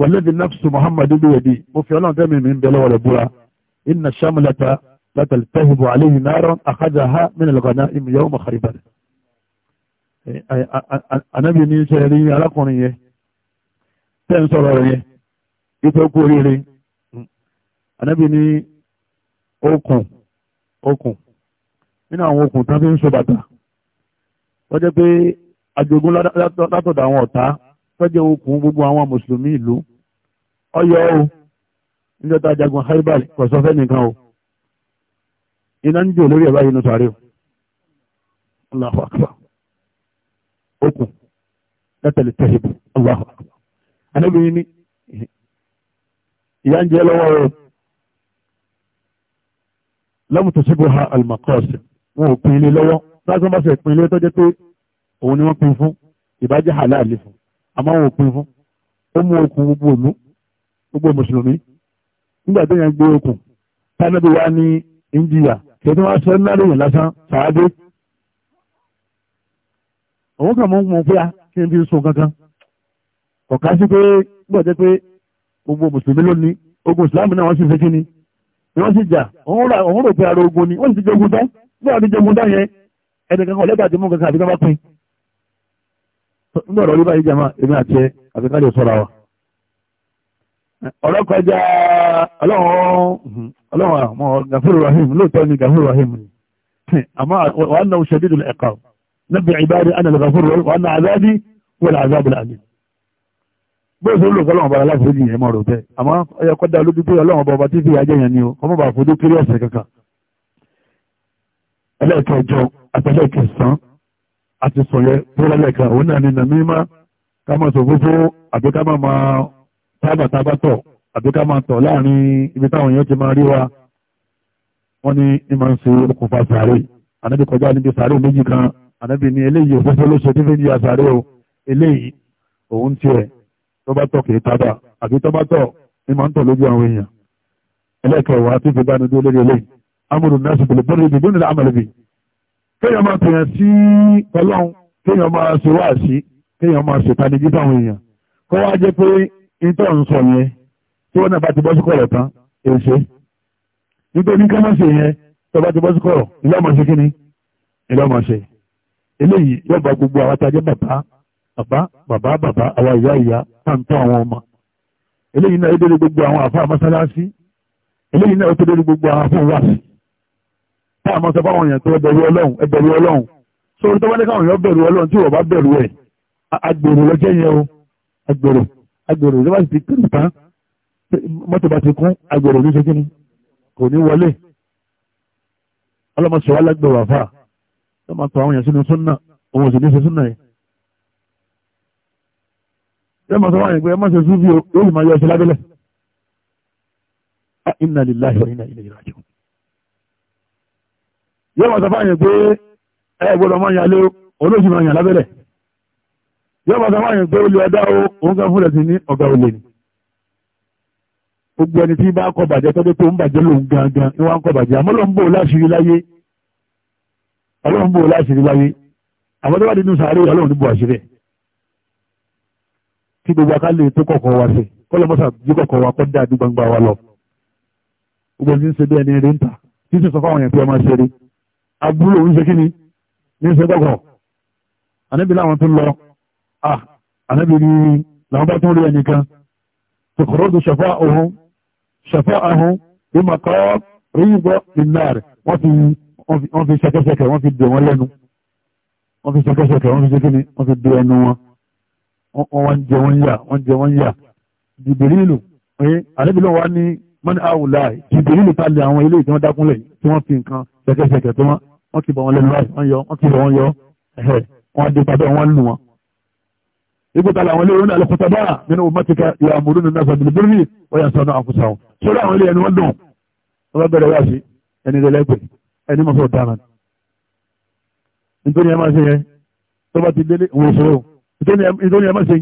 S1: wàlẹ́dì nafsu muhammadu lóòdì mo fi ọlọ́run tẹ́mi mi ń bẹ lọ́wọ́ rẹ̀ búra inna shamlata látàlí tẹ́hìbù aléyìí náírà àkájà ha mínà lọ́gànà ìmìyàwó mọ̀ kàríbà rẹ̀. anábì ní sẹ́yìn rí arákùnrin yẹn tẹ́ ń sọ̀rọ̀ rẹ̀ yẹn kú oríire anábì ní okùn okùn nínú àwọn okùn tán fi ń so bàtà wọ́n jẹ́ pé àjogún látọ̀dọ̀ àwọn ọ̀tá fẹ́jẹ́ okùn gbogbo àwọn mùsùlùmí ìlú ọyọ o níjọta jagun haibal kò sọ fẹ́ nìkan o iná ń jò lórí ẹ̀ báyìí nù sàárẹ̀ o Allahu akbar okùn látẹ̀lẹ̀ tẹ̀hìbù Allahu akbar anábìyí ni ìyá ń jẹ́ lọ́wọ́ o lọ́mùtòsíbò ha al wọn ò pin ilé lọ́wọ́ lásán bá ṣe ìpínlẹ̀ tó jẹ́ pé òun ni wọ́n pin fún ìbájẹ́ àláàlè fún àmọ́ wọn ò pin fún ó mú okùn gbogbo òmú gbogbo mùsùlùmí nígbà tó yẹn gbé okùn tánábì wá ní india kí tó wá sọ náà lèyìn lásán sàádé òun kàn mọ́ mọ́ pé a kí n fi so kankan ọ̀ká sí pé gbọ́dọ̀ pé gbogbo mùsùlùmí ló ní ogun ìsìláàmù náà wọ́n sì fẹ́ kí ni wọ́n sì jà òun rò pé ara ogun ni wọ́n sì ti jogun dá bí wọ́n ti jogun dá yẹn ẹni kankan lẹ́gbàá ti mú kankan àfi kábà pin ní ọ̀rọ̀ orí báyìí jama èmi àti ẹ àfi ká lè sọ́ra wa ọ̀rọ̀ kọjá ọlọ́run àmọ́ mhm, gàfúrò rahim lóòótọ́ ni gàfúrò rahim àmọ́ wàá náà ṣẹ̀dídù ẹ̀ka níbi ìbáde àná gàfúrò wàá náà àzádi wọ́n àzádi làdí bóyá sọ lóòótọ́ ọlọ́run bàrà láti fojì yẹn mọ̀ rò bẹ́ẹ̀ àmọ́ ọyọ kọjá olójú pé ọlọ́run bàbá tí fi ajẹ́ yẹn ni o ọmọ bàbá fojú kéré ọ̀sẹ̀ kankan ẹlẹ́ẹ̀kẹjọ àtẹlẹ kẹsàn-án àti sọ̀yẹ bọ́lálẹ̀ kan òun náà ni nàmímá ká máa sọ fúnfún àbí ká máa máa tábà tábà tọ̀ àbí ká máa tọ̀ láàrin ibi táwọn èèyàn ti máa rí wa wọ́n ní ní máa ń ṣe okùnfà sàárè ànábì kọjá níbi sàárè méjì kan ànábì ní eléyìí òfófó ló ṣe tí fi ń o eléyìí òun tiẹ̀ tó bá tọ̀ kì í tábà àbí tó bá tọ̀ ní máa ń tọ̀ lójú àwọn èèyàn ẹlẹ́kẹ̀ẹ́wàá tí fi bá ní lórí eléyìí amúlùmí kéèyàn máa pèèyàn sí ọlọ́run kéèyàn máa ṣe wá sí kéèyàn máa ṣe tanijí fáwọn èèyàn kó wá jẹ́ pé ìtọ́ ń sọ yẹn tí wọ́n náà bá ti bọ́ sí kọ̀rọ̀ tán èṣe nítorí ká máa ṣe yẹn tó bá ti bọ́ sí kọ̀rọ̀ ilé ọmọ ṣe kíni ilé ọmọ ṣe eléyìí yóò bá gbogbo àwọn tajẹ́ bàbá bàbá bàbá bàbá àwa ìyá ìyá tá àwọn ọmọ eléyìí náà ó dé gbogbo àwọn àfa mọ́sálásí táà mọ́ sọ fáwọn èèyàn tó ẹbẹ̀rù ọlọ́run ẹbẹ̀rù ọlọ́run so orí tó bá ní káwọn èèyàn bẹ̀rù ọlọ́run tí wọ́n bá bẹ̀rù ẹ̀ agbèrò lọ́jẹ́ yẹn o agbèrò agbèrò ló bá ti kiri tán mọ́tò bá ti kún agbèrò ní ṣe kíni kò ní wọlé ọlọ́mọ sọ̀rọ̀ alágbèrò àfà tó máa tọ àwọn èèyàn sínú súnà òun sì ní ṣe súnà yẹn ẹ mọ̀ sọ wáyé pé má ṣe súnfì yóò máa sọ fáyẹn pé ẹ gbọ́dọ̀ máa yàn lé olóṣù máa yàn lábẹ́lẹ̀ yóò máa sọ fáyẹn pé olè ọ̀dá o òun kan fúnlẹ̀ sí ní ọ̀gá olè ni gbogbo ẹni tí bá kọ bàjẹ́ tọ́dé tó ń bàjẹ́ lòun gangan ni wọ́n ń kọ bàjẹ́ àmọ́ ló ń bò láṣìírí láyé ọlọ́run bò láṣìírí láyé àmọ́ tó bá dínú sàárè ọlọ́run ní bò àṣírí kí gbogbo akálẹ̀ tó kọ̀kọ̀ wa sí kọ́lọ́mọ́sà tó kọ̀kọ̀ wa kọ́ dáadé gbangba wa lọ gbogbo ẹni ń ṣe bí ẹni rí ń ta kí sì sọ fáwọn yẹn pé ọmọ ṣe rí àbúrò ń ṣe kíni ní ṣe gbọ́gbọ́ ànábì láwọn tó lọ ah ànábì ní làwọn bá tún rí ẹnìkan tó kọ̀rọ̀ tó ṣẹ̀fọ́ ọ̀hún ṣẹ̀fọ́ ọ̀hún bí mà kọ́ rí gbọ́ ìlà rẹ̀ wọ́n fi wọ́n fi ṣẹ̀kẹ̀ṣẹ̀kẹ̀ wọ́n fi dè wọ́n lẹ́nu wọ́n fi ṣẹ̀kẹ̀ṣẹ̀kẹ̀ wọ́n fi ṣe kíni wọ́n fi dè ẹnu wọn wọ́n jẹ wọ́n yà wọ́n jẹ wọ́n yà jìbìrìlù pé ànábì ló wà ní mọ́ni àwùlá jìbìrìlù ta lè àwọn ilé tí dákúnlẹ̀ tí wọ́n fi nǹkan ṣẹ̀kẹ̀ṣẹ̀kẹ̀ tó wọ́n wọ́n ti bọ̀ wọn lẹ́nu láì wọ́n yọ wọ́n ti bọ̀ wọn yọ ẹ̀hẹ́ wọ́n dé padà wọ́n lù wọn. ibùdó àwọn ilé ìrònú àlọ́kọ̀tà bá nínú mọ́tìkà ìyá àmúrú nínú ẹ̀fọ́ ìdìbò rí ọ̀yà sọ̀nà àkùsà wọn. sórí àwọn ilé ẹni wọ́n dùn wọ́n bá bẹ̀rẹ̀ wáṣí ẹni rẹ̀ lẹ́gbẹ̀ ẹni mọ̀ fọ́ dáná. nítorí ẹ máa ṣe yẹn tó bá ti délé òun ìṣòro nítorí ẹ máa ṣe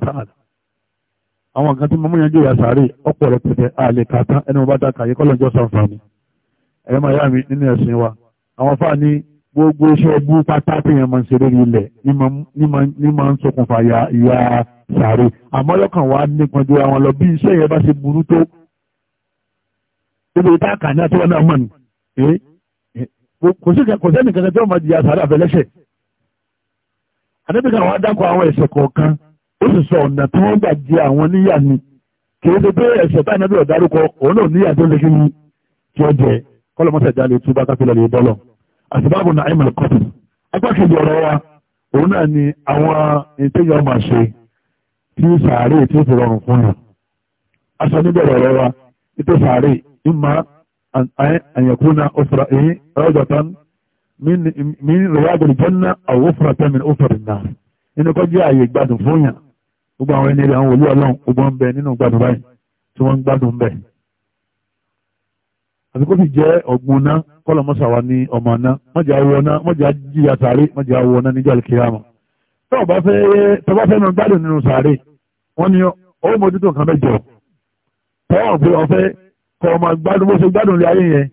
S1: nǹkan àwọn nǹkan tí mo mú yanjú ìyàsáré ọ̀pọ̀ rẹ̀ pẹ̀tẹ̀ àlè kàtán ẹni mo bá dáka yìí kọ́lọ́jọ́ sàǹfààní ẹ̀rọ máa yá mi nínú ẹ̀sìn wa àwọn fáà ní gbogbo iṣẹ́ ẹbú pátá tí èèyàn máa ń ṣe lórí ilẹ̀ ní máa ń ṣokùnfà ìyà sáré àmọ́ lọ́kàn wa nípọn ju àwọn lọ bí iṣẹ́ yẹn bá ṣe burú tó gbogbo ìta kàní àtúwọ́n náà mọ̀ ní kò sẹ́nìkan tí wọ́n máa di ìyà sáré ó sì sọ ọ̀nà tí wọ́n gbà jẹ àwọn níyà ni kìí ṣe pé ẹ̀ṣẹ̀ tá ìnáwó ọ̀dárúkọ òun náà níyà tó lè kíni tí ó jẹ kọ́lọ́mọ́sẹ̀ jalè túbá kápẹ́lẹ̀ lè bọ́lọ̀ àtibábù náà ìmọ̀ kọ́tù agbákejì ọ̀rọ̀ wa òun náà ni àwọn ìtẹ́yọ̀ máa ṣe tí sàárè tí ó fi rọrùn fún yàn aṣọ ọ̀rọ̀ wa gbogbo àwọn ẹni àwọn olú ọlọ́run gbogbo ń bẹ nínú gbádùn báyìí tí wọ́n ń gbádùn bẹ̀. àti kó sì jẹ́ ọ̀gbun ná kọ́lọ̀mọ́sà wa ní ọmọ ná mọ́jà wọ ná mọ́jà jíya sàárè mọ́jà wọ ná níjọ́ àlùkìyàmọ̀. tó bá fẹ́ tó bá fẹ́ mọ gbádùn nínú sàárè wọ́n ní ó mójútó nǹkan mẹ́jọ. tọ́wọ́ pé ọ̀fẹ́ kọ́ ọmọ gbádùn bó ṣe gbádùn lé ayé yẹn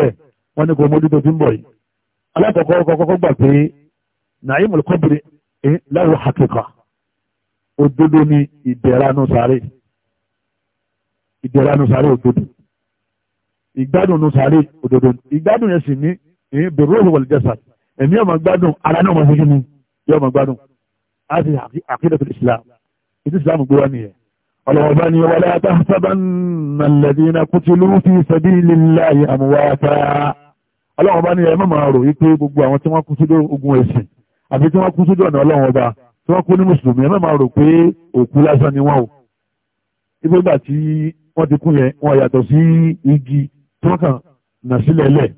S1: pẹ̀lú wọ́n ní kò mójútó tí ń bọ̀ yìí alákọ̀ọ́kọ́ kọ́kọ́ gbà pé naim olùkọ́bìrì láwọ̀ hakika òdodo ni ìdẹ̀ranú sáré ìdẹ̀ranú sáré òdodo ìgbádùn nù sáré òdodo ìgbádùn yẹn sì ní bẹ̀rù òhùn wọlé jẹ́sà ẹ̀mí ọmọ gbádùn ara náà mọ̀ sí kí yọ ọmọ gbádùn á sì àkídà tó ìdí Islam gbé wá nìyẹn ọlọ́ọ̀bá ni wọlé àtàṣàbánà lẹ́dínà kútìlú fi sẹ́bí líláyé àmúwáta ọlọ́ọ̀bá ni ẹ mọ̀mọ̀ rò wípé gbogbo àwọn tí wọ́n kú sí ogun ẹ̀sìn àbí tí wọ́n kú sí dọ̀nà ọlọ́ọ̀bá tí wọ́n kú ní mùsùlùmí ẹ mọ̀mọ̀ rò pé òkú lásán ni wọ́n o ibi ìgbà tí wọ́n ti kú yẹn wọ́n yàtọ̀ sí igi tí wọ́n kàn nà sílẹ̀ lẹ̀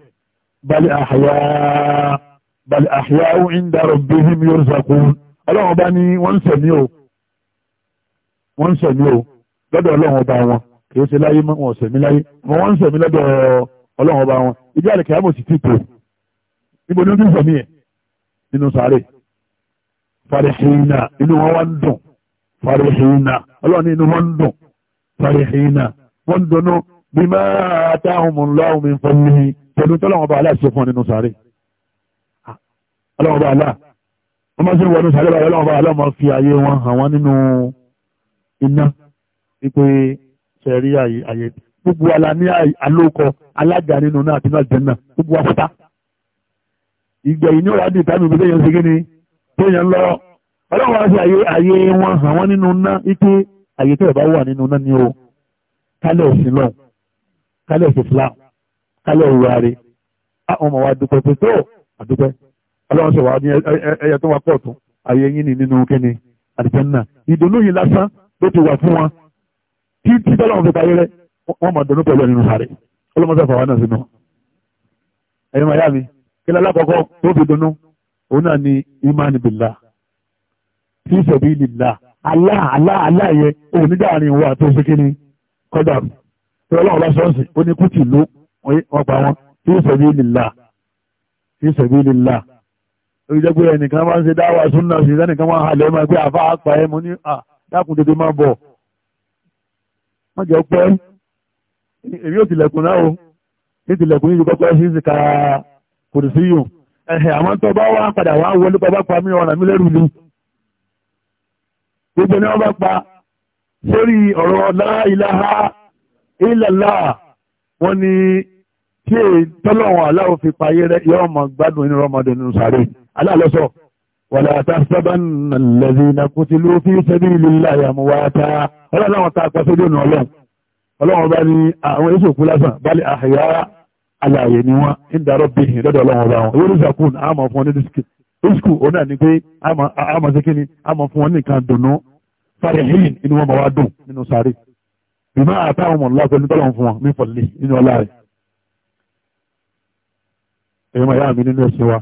S1: bal ahya'u 'inda rabbihim yurzaqun ọlọ́ọ̀bá ni wọ́n ń sẹ̀mí o wọ́n ń sẹ̀mí o lọ́dọ̀ ọlọ́run ọba wọn kì í ṣe láyé mọ́ wọn sẹ̀mí láyé mọ́ wọ́n ń sẹ̀mí lọ́dọ̀ ọlọ́run ọba wọn ìjà àlè kìámù sì ti tò níbo ni ó ti sẹ̀mí yẹn nínú sáré farihina inú wọn wá ń dùn farihina ọlọ́run inú wọn ń dùn farihina wọ́n ń dunnú bí máa táwọn mọ̀ ń lọ ń fọ́n mi pẹ̀lú tọ́lọ́run ọba aláṣẹ fún ọ nínú sáré ọlọ́run ọba aláà wọ́n máa ń sọ wọnú sáré báyọ̀ ọlọ́run ọba aláà máa fi ààyè wọn hàn wọ́n nínú iná wípé ṣẹ̀rí àyè gbogbo ala ní alókọ alága nínú náà àti náà jẹ́nà gbogbo àṣìta ìgbẹ̀yìn ní ọ̀rọ̀ àdìta mi bẹ́ẹ̀ yẹn ṣe kíni tó yẹn lọ ọlọ́run wá sí àyè àyè wọn hàn wọ́n nínú náà wípé àyè tó yẹ bá wà nínú náà ni o kálẹ̀ òsìn lọ kálẹ̀ òsìn fúlà kálẹ̀ òwúra rẹ̀ àwọn ọmọ wa dúpẹ́ pé tó àdúpẹ́ ọlọ́run ṣe wà ní ẹyẹ tó wà pọ̀ tún àyè yín nínú kíni àdìjẹ́ náà ìdùnnú yìí lásán ó ti wà fún wọn tí tí tọ́lọ́wọ́n fi parí rẹ wọ́n mọ̀ dùnú pẹ̀lú ẹ̀nínú sáré ọlọ́mọsẹ́ fàwọn náà sínú ẹ̀yin màyá mi kílá alákọ̀ọ́kọ́ tó fi dùnú òun náà ni imani bìlá tí ìṣẹ̀bí ìlìlá alá alá alá yẹ òun ní dáàrin ìwọ àti oṣù kínní kọ́dà tí ọlọ́run bá sọ́ọ̀sì ó ní kùtì ló wọ́n pa wọn tí ìṣẹ̀bí ìlìlá tí ìṣẹ̀bí ìlìlá ó jẹ́ pé ẹnìkan máa ń ṣe dáwà súnà sí ẹnìkan máa ń halẹ̀ máa pé àfa àpà ẹ̀ mo ní à dákun tètè máa bọ̀ wọ́n jọ pẹ́ èmi ò tilẹ̀kùn náà o ní tilẹ̀kùn yìí kọ́kọ́ sí ti ka kò sí yùn ẹ̀hẹ̀ àwọn tó bá wá padà wá wọlé pa bá pa mí ọ̀ràn mi lẹ́rù ni gbogbo ni wọ́n bá pa sórí ọ̀rọ̀ láìláha ìlàlá wọ́n ní tí èyí tọ́lọ́wọ̀n aláwọ̀ fi payé rẹ̀ yọ́ ọmọ gbádùn inú rọmọdé nínú sáré aláàlọ́sọ̀ọ́ ولا تحسبن الذين قتلوا في سبيل الله امواتا ọlọ́run ta pẹ́ sójú ọ̀nà ọlọ́run ọlọ́run bá ní àwọn èso òkú lásán bá lè àhìyá alààyè ni wọ́n ń darọ́ bí i lọ́dọ̀ ọlọ́run ọba wọn yóò zakun àmọ̀ fún ọ ní disku ó náà ni pé àmọ̀ sí kíni àmọ̀ fún ọ ní nǹkan dùnú farihin inú wọn bá wá dùn nínú sáré ìmọ̀ àtàwọn ọmọ ńlá pẹ̀lú tọ́lọ̀ fún wọn ní fọ̀lì nínú ọlá rẹ̀ èèyàn máa yá mi nínú ẹ̀sìn wa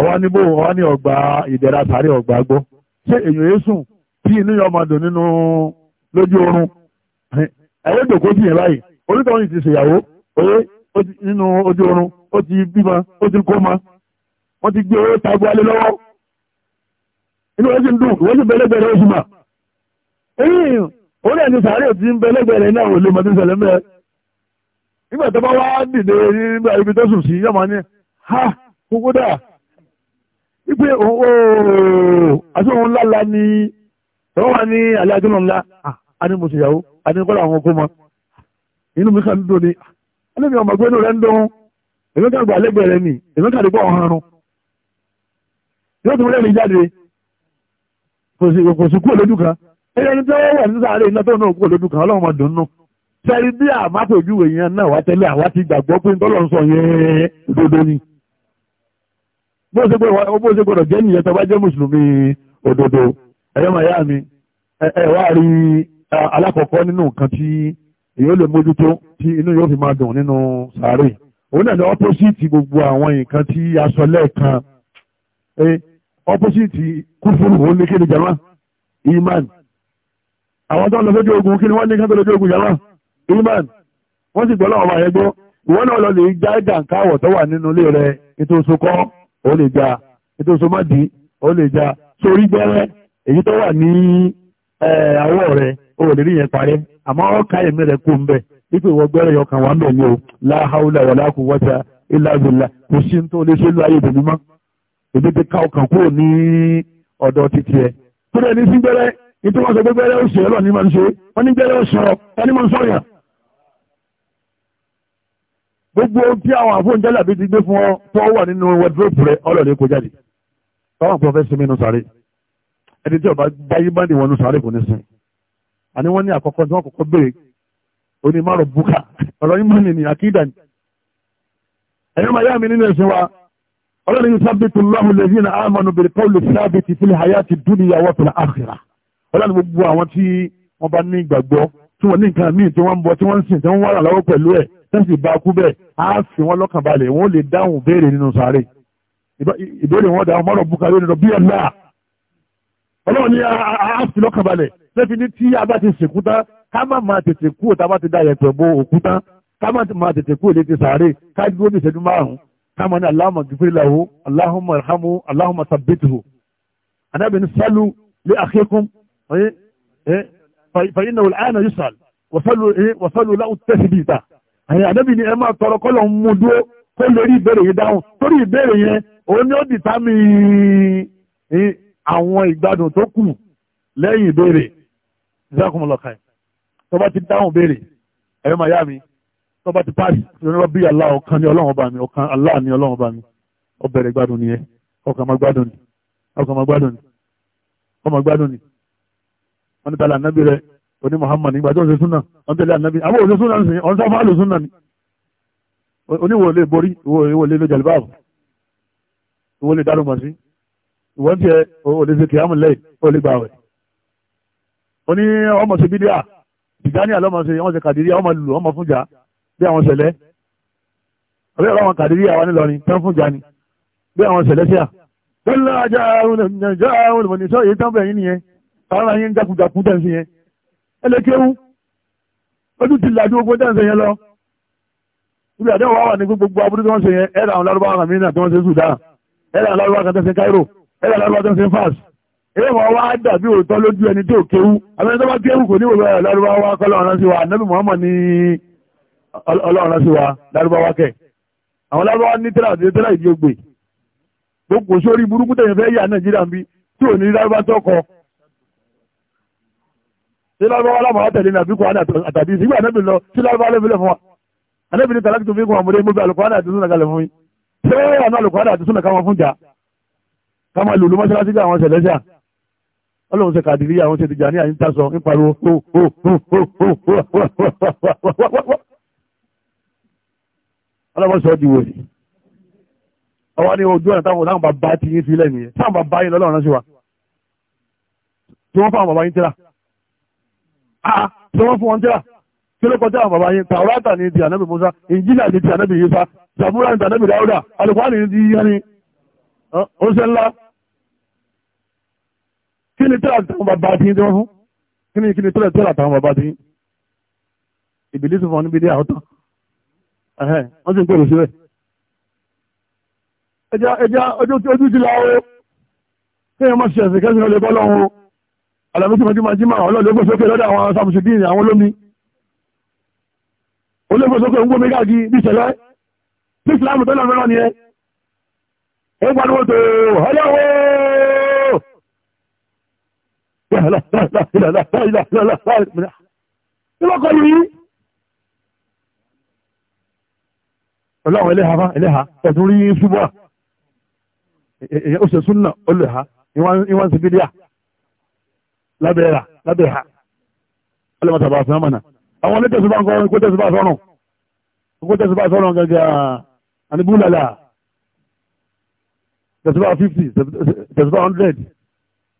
S1: ọwọ́ níbo ọwọ́ ní ọgbà ìdẹ̀ra sàárè ọgbà gbọ́ ṣé èyàn yé sùn tí inú yọ ọmọ dùn nínú lójú oorun ẹ̀yẹ́ ìdòkó ti yẹn báyìí onítọ̀hún yìí ti ṣèyàwó oyé nínú ojú oorun ó ti bímọ ó ti kó ma wọ́n ti gbé owó tagbó alẹ́ lọ́wọ́ inú wọ́n ti ń dùn wọ́n ti bẹ́lẹ́gbẹ̀rẹ̀ oṣù mà eyín orí ẹni sàárè ti ń bẹ́lẹ́gbẹ̀rẹ̀ náà ò lè mọ̀ mẹ́ nígbà tó bá wá dìde nígbà ibi tó sùn sí yọ̀mọ̀ ní ha kókó dáa wípé ooo àti òun lálá ni ẹ̀wọ́n wà ní alẹ́ àjọlọ́ ńlá ah, a ní mo ṣèyàwó a ní kọ́lá àwọn ọkọ mọ́ inú mi kàn ń dùn ni alẹ́ mi ọmọ gbé inú rẹ̀ ń dùn èmi kàn gbà lẹ́gbẹ̀ẹ́ rẹ̀ ni èmi kàn dùgbọ́ ọ̀hún ọ̀run yóò tún rẹ́rìn jáde kò sí kú olójú kan ẹ̀yẹ́ ni tí wọ́n wà ní sáré iná tó náà kú olójú kan ọlọ́run ọdún nù sẹ́rí bí àmàtòjú èèyàn náà wá tẹ́lẹ̀ àwa ti gbàgbọ́ pé ń tọ́lọ́ sọ yẹn òdodo ni bó ṣe gbọ́dọ̀ jẹ́ nìyẹn tó bá jẹ́ mùsùlùmí òdodo ẹ̀yọ́ yá mi ẹ̀ wá rí alákọ̀ọ́kọ́ nínú nǹkan tí èyí ó lè mójútó tí inú yóò fi máa dùn nínú sàárè òun náà ní ọ́pọ́sìtì gbogbo àwọn nǹkan tí a sọ lẹ́ẹ̀kan ọ́pọ́sìtì kúfúrú òun ní kéde jama iman àwọn tó ń lọ sójú ogun kí ni wọ́n ní kí wọ́n tó lójú ogun jama iman wọ́n sì gbọ́ láwọn ọmọ àyẹ́gbọ́ ìwọ́n náà lọ lè já ìdàǹkáwọ̀ tó wà nínú ilé rẹ̀ ètò òṣùkọ́ ó lè já ètò sọmọdì ó lè já sórí gbẹrẹ èyí tó wà ní àwọ̀ rẹ̀ ó lè rí yẹn parẹ́ àmọ́ ọkà ẹ̀mí rẹ̀ kú ń bẹ wípé ìwọ ń ní o láhàúlà wà láàkú wọ́ta ìlàbìlà kò sí tó lè ṣe lú ayé ìdùnnú mọ́ èdè ti ká ọkàn kúrò ní ọ̀dọ̀ títí ẹ̀ tó dẹ̀ sí gbẹrẹ ní wọ́n sọ pé ó ṣe gbogbo tí àwọn àfóúnjẹ́lẹ̀ àbí ti gbé fún ọ tó wà nínú wẹ́dúrópù rẹ ọlọ́ọ̀lẹ́ kó jáde báwọn kan fẹ́ sinmi inú sáré ẹni tí ọba báyé bá nìwọ̀n inú sáré kò ní sin àní wọ́n ní àkọ́kọ́ tí wọ́n kọ́kọ́ béèrè oní márùn búkà ọ̀rọ̀ yín mọ́ nìyí àkídà ni ẹ̀yin máa yá mi nínú ẹ̀sìn wa ọlọ́run yìí sábẹ́tù lọ́hùn lẹ́yìn náà àmọ́nù bèrè pọ́ùlù sábẹ́tì fílẹ̀ hayá ti dún níyàwó fìlà àkìrà tí wọ́n ní nǹkan míì tí wọ́n ń bọ tí wọ́n ń sìn tí wọ́n ń wàrà lọ́wọ́ pẹ̀lú ẹ̀ tẹ́sì bá kú bẹ́ẹ̀ á fi wọ́n lọ́kàn balẹ̀ wọ́n lè dáhùn béèrè nínú sáré ìbéèrè wọn dáhùn mọ́rọ̀ bùkà lórí ọ̀dọ̀ bí ọ̀la ọlọ́run ni á fi lọ́kàn balẹ̀ lẹ́fi ní tí a bá ti sìnkú tán ká má máa tètè kú òtá bá ti dá yẹpẹ̀ bo òkú tán ká má máa tètè kú òlé ti sáré ká dúró ní ìṣẹ́jú márùn-ún ká máa ní aláhùnmọ̀ gífìrìláwó aláhùnmọ̀ ìhámú aláhùnmọ̀ sàbẹ́tìhù anábìnrin sálù lé àkékún fàyínà wòlá àyànà yusuf ẹ̀yìn àdébì ni ẹ máa tọrọ kọ́lọ̀ ń mú dúró kó lè rí ìbéèrè yẹn dáhùn torí ìbéèrè yẹn òun ni ó dìtà mí àwọn ìgbádùn tó kù lẹ́yìn ìbéèrè ìsákùnmọ̀lọ́ka ẹ̀ tó bá ti dáhùn béèrè ẹ̀rọ màyá mi tó bá ti páàsì ìrora bí Allah ọ̀kan ní ọlọ́run bá mi ọ̀kan Allah ní ọlọ́run bá mi ó bẹ̀rẹ̀ gbádùn nìyẹn ọkàn máa gbádùn ni ọkàn máa gbádùn ni ọmọ oní Muhammad nígbà tó ń ṣe súnà wọ́n tẹ̀lé ànábì àwọn òṣè súnà sí ọ̀n sáfà lò súnà ni oníwò lè borí ìwò lè lo jàlbáàbù ìwò lè dárò màsí ìwọ ń tiẹ̀ òlè ṣe kìámù lẹ́yìn ó lè gbààwẹ̀ oní ọmọ sí bídíà ìdání àlọ́mọ sí ọmọ sí kàdírí ọmọ lù ọmọ fúnjà bí àwọn sẹ̀lẹ̀ ọ̀rẹ́ ọ̀rọ̀ àwọn kàdírí àwa nílọrin tán fúnjà ni bí àwọn sẹ̀lẹ̀ sí à tọ́lá ajá àwọn olùmọ̀nìṣọ́ yìí tán bẹ̀yìn nìyẹn àwọn ayé ń jákujàkú tẹ̀ ẹlẹ́kẹ́wú ojú ti làjú gbogbo tẹ́ǹsẹ̀ yẹn lọ ibi àdéhùn wa wà ní gbogbo aburú tí wọ́n ṣe yẹn ẹ̀rọ àwọn lárúbáwá kan mìíràn tí wọ́n ṣe Sudan ẹ̀rọ àwọn lárúbáwá kan tẹ́sẹ̀ Cairo ẹ̀rọ àwọn lárúbáwá tẹ́sẹ̀ Fas èyí wọn wá dàbí òótọ́ lójú ẹni tó kéwú àbẹ́ni tó bá kéwú kò ní wòlò lárúbáwá kọ́ lọ́run sí wa Nabi Muhammad ní ọlọ́run sí wa lárúbáwá kẹ̀ àwọn lárúbáwá ní tẹ́lá àti tẹ́lá ìdí ogbè gbogbo sórí burúkú tẹ̀yìn fẹ́ yà Nàìjíríà ń bí tí ò ní lárúbá tọkọ sí lọ́wọ́ ọlọ́mọ tẹ̀lé ní àbíkú àtàdí ìgbà anábì lọ sí lọ́wọ́ ọlọ́mọ fún wa anábì ní tàlákì tó fi kún àmúlé gbogbo alùpàdé àti súnà kalẹ̀ fún yín ṣé àná alùpàdé àti súnà káwọn fún jà káwọn lùlù mọ́ṣáláṣí ká àwọn ṣẹlẹ́ṣà ọlọ́run ṣe kàdìrí àwọn ṣe tìjà ní àyín tásọ ń pariwo ọlọ́run sọ di wòlíì ọwọ́ ní ojú ọ̀nà táwọn táwọn bàbá ti yín sílẹ̀ nìyẹn táwọn bàbá yín lọ́lọ́run ránṣẹ́ wa tí wọ́n fáwọn bàbá yín tíra ṣé ah, wọ́n fún wọn jẹ́ kí ló kọjá àwọn bàbá yín tàwọ́rátà ní ti ànábì Musa ìjìlá ní ti ànábì Yísà Zabura ní ti ànábì Dáúdà alùpàdé ní ti yíyá ni ó ṣe ńlá kí ni tẹ́lá àtàwọn bàbá tí wọ́n fún kí ni kí ni tẹ́lá àtàwọn bàbá tí ìbílí sì fún ọ níbi dé àwọn tán wọ́n sì ń pèrò síbẹ̀ ẹja ẹja ojú ti la o kéèyàn má ṣe ẹ̀sìn kẹ́sìn ọlẹ́bọ́ lọ́wọ́ alamisi mọ́tímọ́tímọ́ àwọn ọlọ́ọ̀lẹ́gbọ́ sókè lọ́dọ̀ àwọn samusudin àwọn olómi olóògbé sókè ń gbómi gáàgì bí ìṣẹ̀lẹ̀ tí islam tó lọ́nà mẹ́rán ni ẹ ó gbaniwó tó ọlọ́wọ́ ìlọ́kọ̀ yìí ọlọ́wọ́ ẹlẹ́ha fa ẹlẹ́ha ẹ̀tún rí súnmọ́ ó ṣe súnnà olùha ìwọ́n sí bídíà lábẹ́ra lábẹ́ha ọlọ́mọta bá fún ọmọnà àwọn olóòtẹ́sí bá ń kọrin kó tẹ́sí bá sọ́rùn kó tẹ́sí bá sọ́rùn gẹ́gẹ́ àníbúlàlà tẹ́sí bá 50 tẹ́sí bá 100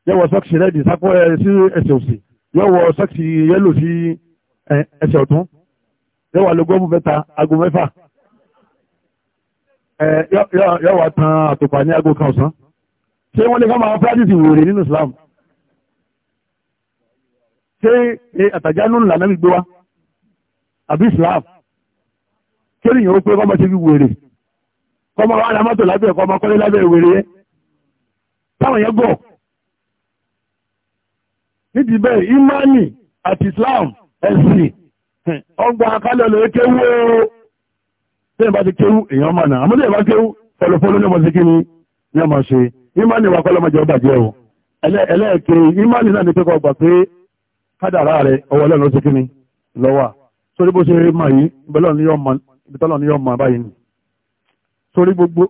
S1: yẹ́wọ̀ sọ́ọ̀kì rẹ́dì sápọ̀ sí ẹsẹ̀ òsì yẹ́wọ̀ sọ́ọ̀kì yẹ́lò sí ẹsẹ̀ ọ̀tún yẹ́wọ̀ alógọ́mù mẹ́ta aago mẹ́fà yẹ́wọ̀ tan àtòpà ní aago kan ọ̀sán ṣé wọ́n lè fọ́ máa fẹ́ ṣé àtàjánú ńlá náà gbé wa àbí Islam ṣé èèyàn ó pé kọ́mọ ṣe fi wèrè kọ́mọ wa ra mọ́tò lábẹ́ ẹ̀kọ́ ọmọkọ́lé lábẹ́ wèrè yẹn táwọn yẹn gọ̀ nídìí bẹ́ẹ̀ imani àti Islam ẹ̀sìn ọgbà akálẹ̀ olóyè kéwú ooo tẹ́yìn bá ti kéwú èèyàn máa nà àmọ́tẹ́yìn kéwú ní kíni ní ọmọ ṣe imani wà kádàrá rẹ̀ ọwọ́ ọlọ́run ló ṣe kíni lọ́wọ́ sórí bó ṣe mọ̀ yìí ìbẹ́lọ́ ni yọ̀ mọ̀ ìbẹ́lọ́ ni yọ̀ mọ̀ báyìí ni sórí gbogbo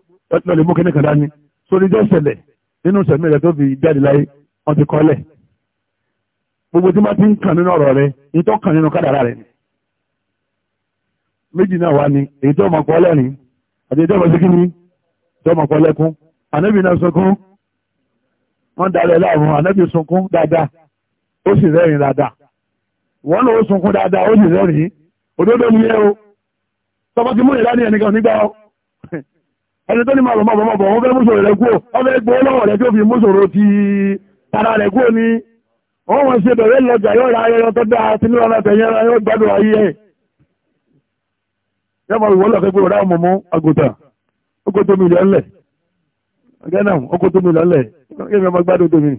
S1: lọ́lẹ̀ mú kíní kan dání sórí jẹ́ ìṣẹ̀lẹ̀ nínú ìṣẹ̀mí rẹ̀ tó fi jáde láyé wọ́n ti kọ́lẹ̀ gbogbo tí wọ́n ti ń kàn nínú ọ̀rọ̀ rẹ̀ èyí tó kàn nínú kádàrá rẹ̀ ni méjì náà wá ni èyí tó mọ̀ kọ́ lẹ́rìn àti èyí tó mọ̀ sí kíni tó mọ̀ kọ́ lẹ́kún ànábì náà sunkún wọ́n dalẹ̀ láàrún ànábì sunkún dáadáa ó sì rẹ́rìn dáadáa wọ́n náà sunkún dáadáa ó sì rẹ́rìn òdodo ni ẹ o tọ́ba ti mú ìlànà ẹnìkan nígbà ọ ẹni tó ní máa bọ̀ máa bọ̀ máa bọ̀ wọ́n fẹ́ mú sòrò kúrò wọ́n fẹ́ gbọ́ lọ́wọ́ rẹ̀ tí ó fi tara kúrò ní wọ́n wọ́n ṣe bẹ̀rẹ̀ lọ́jà yóò ra ayẹyẹ tó dáa ní ọ̀nà tẹ̀yẹ ra yóò gbádùn ayé ẹ̀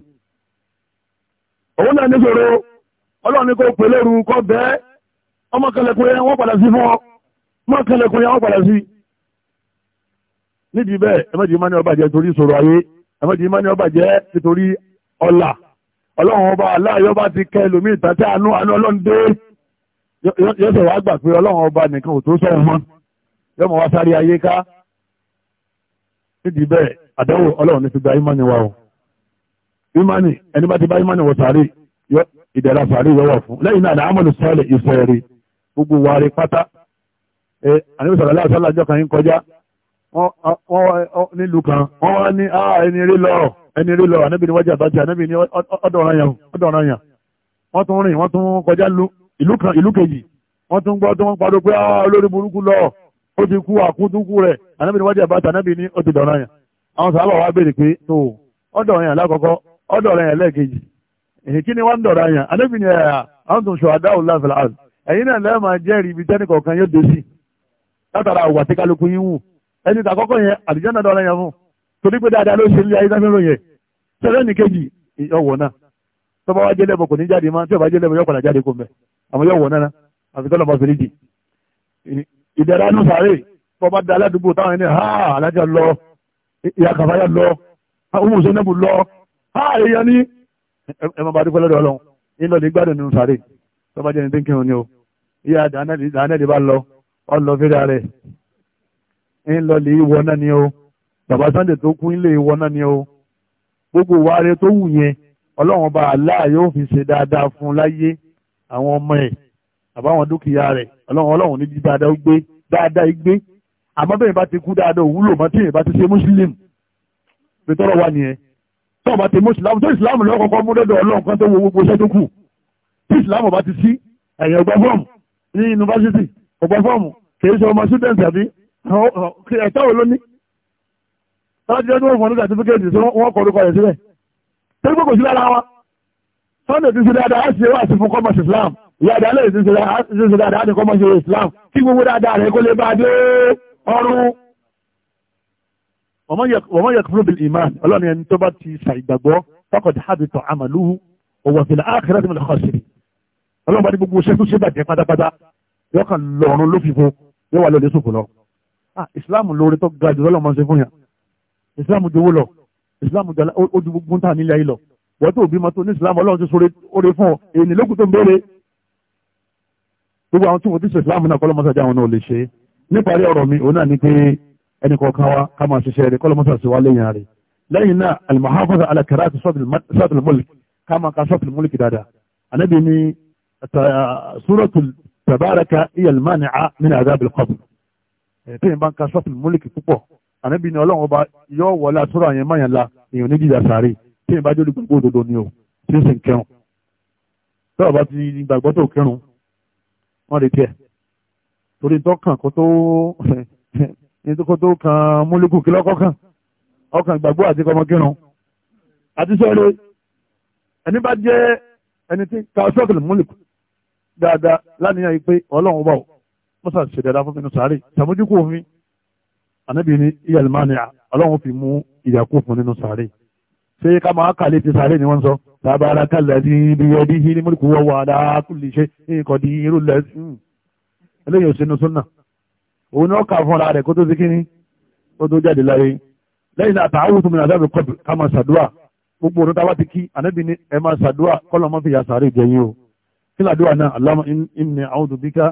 S1: òun náà níṣòro ọlọ́run ní kó pè lóru kọ́ bẹ́ẹ̀ si yẹn wọ́n padà sí fún ọ ọba torí ìṣòro ayé ẹ̀mẹ́jì má ọba jẹ́ nítorí ọlọ́run ọba bá ti kẹ́ lómi ìta àánú àánú ọlọ́run dé yọ́sẹ̀ gbà ọba nìkan ò tó mọ́ wá sáré ayé ká nídìí bẹ́ẹ̀ àdánwò ọlọ́run o. imani ẹni bá ti bá imani wọ sáré ìdẹ̀ra sàárè yọwọ́ fún lẹ́yìn náà àmọ́lù sọ́ọ̀lẹ̀ ìfẹ́ rí gbogbo wa rí pátá ẹ aláàṣọ alájọ kan yín kọjá nílùú kan wọ́n wá ní ah, ẹni rí lọ ẹni rí lọ àníbi ni wájà àbájá àníbi ni yàn wọ́n tún rìn wọ́n tún kọjá kan ìlú kejì wọ́n tún gbọ́ tó wọ́n parọ́ pé ah, olórí burúkú lọ ó ti kú rẹ̀ Ọ rẹ̀ ẹlẹ́ẹ̀kejì èyí kí ni wọ́n ń dọ̀rọ̀ anábì ni ẹ̀yà ah, àwọn tó ń sọ àdáwò láfẹ̀lá àrùn ẹ̀yin náà lẹ́ẹ̀ máa jẹ́rìí ibi tẹ́nì kọ̀ọ̀kan yóò dé sí látara àwà tí kálukú yín wù ẹni tà kọ́kọ́ yẹn àlùjánnà dọ̀rọ̀ yẹn fún torí pé dáadáa ló ṣe ilé ayé sáfẹ́ ròyìn kejì ọwọ́ náà tó bá wá jẹ́ lẹ́bọ̀ kò ní jáde tí ò bá jẹ́ lẹ́bọ̀ yóò ha èèyàn ní ẹ máa bá dúpẹ́ lọ́dọ̀ ọlọ́run nílò ní gbádùn nínú sáré tó bá jẹ́ ní dínkì òní o ìyá dánẹ́lì bá lọ ọlọ fẹ́rẹ́ rẹ̀ ńlọ lè wọ náà ni o bàbá Sunday tó kú ńlẹ̀ wọ náà ni o gbogbo wàre tó wù yẹn ọlọ́run bá Allah yóò fi ṣe dáadáa fún láyé àwọn ọmọ ẹ̀ àbáwọn dúkìá rẹ̀ ọlọ́run ọlọ́run níbi dáadáa gbé dáadáa gbé àmọ́ bẹ́ẹ̀ bá ti kú dáadáa òwúlò mọ́ tí èèyàn bá ti ṣe mùsùlùmí tó ọba ti mú ìsìlámù tó ìsìlámù lọ kọ́kọ́ mú lọ́dọ̀ ọlọ́run kan tó wo gbogbo iṣẹ́ tó kù tí ìsìlámù ọba ti sí ẹ̀yìn ọgbà fọ́ọ̀mù ní yunifásitì ọgbà fọ́ọ̀mù kì í ṣe ọmọ students àbí ẹ̀tọ́ wo ló ní láti ẹni wọn fún ọdún certificate tí wọn kọ orúkọ rẹ sílẹ̀ tó gbogbo sí lára wa sunday ti ṣe dáadáa á ṣe wá sí fún commerce islam ìyá ìdálẹ́ ìṣe dáadáa á ní commerce islam kí gbogbo dáadáa rẹ kó lè bá a dé ọrùn wọ́n yẹ kúrò bíi iman ọlọ́run ẹni tó bá ti ṣàìgbàgbọ́ fọkàndé hábitọ̀ àmàlú òwò fìlà áàkìrẹ́ tó ń lọ́kọ̀ sí i ọlọ́run bá ní gbogbo ṣẹ́kù ṣe bàjẹ́ pátápátá yóò kàn lọ́run ló fi fo yóò wà lóde sòfò lọ. ìsìláàmù ah, lóore tó ga jù lọ́lọ́ máa ń ṣe fún yàn ìsìláàmù jowó lọ ìsìláàmù jọ ó ju gbogbo ta nílẹ̀ yìí lọ wọ́n tó bímọ tó ní ìsìláàmù ọlọ́run ti sọ̀rọ̀ oore fún èyí lókùn tó ń ẹni kọ̀ọ̀kan wa ká máa ṣiṣẹ́ rẹ̀ kọ́lọ́mọ́sà sí wa lẹ́yìn rẹ̀ lẹ́yìn náà alimahafaza alakara ti sọ́ọ̀tìlì mọ́lìkì ká máa ka sọ́ọ̀tìlì mọ́lìkì dáadáa anabi ni súrọ́tù tabaraka iyalmani'a nínú azabil qabr tẹ́yìn bá ń ka sọ́ọ̀tìlì mọ́lìkì púpọ̀ anabi ni ọlọ́run ọba yọ wọlé asúrọ̀ àyẹn máyàn la èèyàn níbi ìyà sáré tẹ́yìn bá jórí gbogbo òdodo ni o tí ó sì ń kẹrun tọ́wọ́ nítorí tó kan múlùkù kí lọ́kọ́ kan ọkàn ìgbàgbọ́ àti kọmọkírun àti sọ́ọ́lẹ̀ ẹni bá jẹ́ ẹni tí ka ṣọ́ọ̀kìlì múlùkù dáadáa lánìyàn yìí pé ọlọ́run bá ò mọ́sà ṣe dáadáa fún mi sàárè ṣàmójúkú òfin ànábì ní ìyàlmánìà ọlọ́run fi mú ìyàkú fún nínú sàárè ṣé ká máa kàlẹ́ ti sàárè ni wọ́n sọ tàbára kàlẹ́ ní ibi ẹbí yìí ní múlùkù wọ́wọ́ àdáàkùn lè ṣe nǹkan di irú lẹ́sìn eléyìí ò sínú súnà òun náà kà fúnra rẹ̀ kó tó sí kíní kó tó jáde láyé lẹ́yìn náà tààwù tó mi náà dábì kọ́bì ká máa ṣàdúrà gbogbo òun táwa ti kí ànábì ní ẹ máa ṣàdúrà kọ́lọ́ mọ́ fi yà sàárè jẹ yín o kí làdúrà náà Allahumma inni a'udhu bika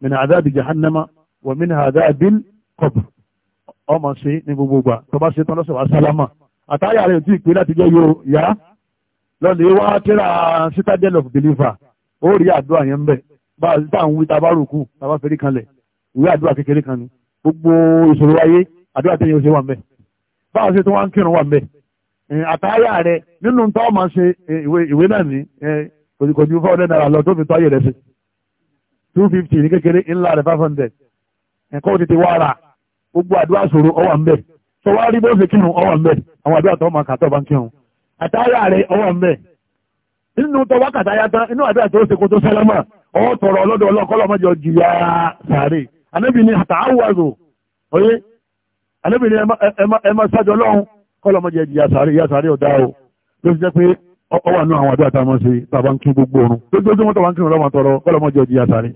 S1: min adhabi jahannama wa min adhabil qabr ọmọ ṣe ní gbogbo gbà tó bá ṣe tán lọ́sọ̀ wá sálámà àtàyà rẹ̀ tí ìpínlẹ̀ àtijọ́ yóò yá lọ́lẹ̀ wá tíra citadel of believer ìwé àdúrà kékeré kan ni gbogbo ìṣòro ayé àdúrà tẹ̀yìn ó ṣe wà ń bẹ̀ báwo ṣe tí wọ́n ń kírun wà ń bẹ̀ àtàyà rẹ nínú tó ọmọ ṣe ìwé náà ní kòjìkòjì four hundred naira lọ tó fi tọ́yẹ̀ rẹ sí two fifty ní kékeré ńlá rẹ five hundred ẹ̀kọ́ tètè wá ra gbogbo àdúrà ṣòro ọwà ń bẹ̀ tó wá rí bó ṣe kírun ọwà ń bẹ̀ àwọn àdúrà tó ọmọ kàtọ́ bá ń kírun àtàyà rẹ ọwà ń bẹ̀ anábì ni àtàwàzò oyé anábì ni ẹ máa sájọ lọ́hùn kọ́lọ́ mọ́jẹ ìyá sàárè ìyá sàárè ọ̀dá o ló ti jẹ́ pé ọ wà nú àwọn àdúrà tá a máa ṣe bàbá ń kí gbogbo ọ̀run lójoojúmọ́ tó wà ń kírun lọ́wọ́ tọrọ kọ́lọ́ mọ́jẹ ìyá sàárè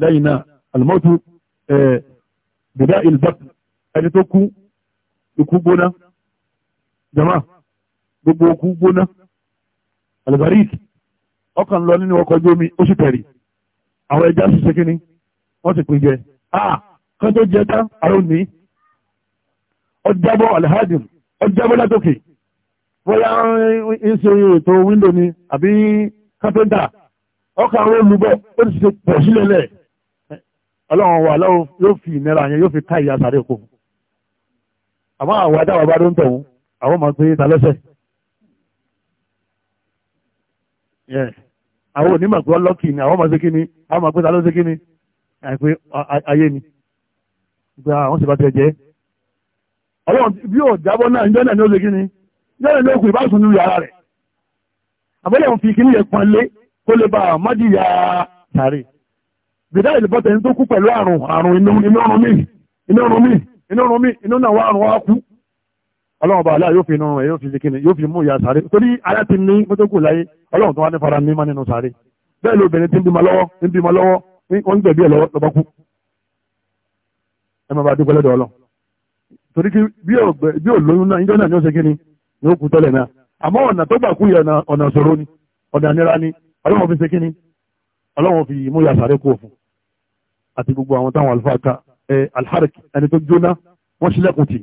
S1: lẹ́yìn náà àlùmọ́tù bìdá ìlbọ́t ẹni tó kú ikú gbóná jama gbogbo okú gbóná albarik ọkàn lọ nínú ọkọ̀ ojú omi ó sì tẹ̀rì àwọn ẹja sì ṣe kínní wọ́n ti pín jẹ kan tó jẹ tán àrùn ní ọjọ́bọ̀ alhadim ọjọ́bọ̀ látòkè bóyá ń ṣe ètò wíńdò ni àbí kápẹ́ńtà ọkà àwọn olùbọ̀ ó ti ṣe pọ̀ sílẹ̀lẹ̀ ọlọ́run wà lọ́wọ́ yóò fi ìnira yẹn yóò fi ká ìyá sàrẹ́ kò àmọ́ àwọn adáwà bá ló ń tọ̀hún àwọn máa ń pè é ta lẹ́sẹ̀ àwọn onímọ̀ pé ọlọ́kì ni àwọn máa ṣe pè é ta kí ni àìpé ayé ni gba àwọn sì bá tẹ̀ jẹ́ ọlọ́run bí ò jábọ́ náà ìjọ náà ni ó ṣe kí ni ìjọ náà ni ó kù ìbáṣun nínú ara rẹ̀ àbẹ́lẹ̀ òun fi kí ní ẹ̀pọ̀n lé kó lè bá àmọ́jìyà sàárè bìdá ìlúbọ̀tẹ̀ ní tó kú pẹ̀lú àrùn àrùn inú ọrùn míì inú ọrùn míì inú ọrùn míì inú náà wà àrùn wa kú ọlọ́run bá aláà yóò fi inú rẹ̀ yóò fi kíni yóò fi mú ìyá sàárè torí ara ti ní mọ́tò kù láyé ọlọ́run tó wá ní fara mímọ́ nínú sàárè bẹ́ẹ̀ lóbìnrin ti ń bímọ lọ́wọ́ ń bímọ lọ́wọ́ wọ́n ń gbẹ̀bí ẹ̀ lọ́ba kú ẹ máa bá dúpẹ́ lọ́dọ̀ ọlọ́ torí kí bí ò lóyún náà ìjọ náà ni ó ṣe kí ni ni ó kú tọ́lẹ̀ náà àmọ́ ọ̀nà tó gbà kú yẹ ọ̀nà ìṣòro ni ọ̀nà ìnira ni ọlọ́wọ́n fi ṣe kí ni ọlọ́wọ́n fi mú yà sáré kú òfin àti gbogbo àwọn táwọn àlùfáà ka ẹ alharik ẹni tó jóná wọ́n ṣílẹ̀kùn tì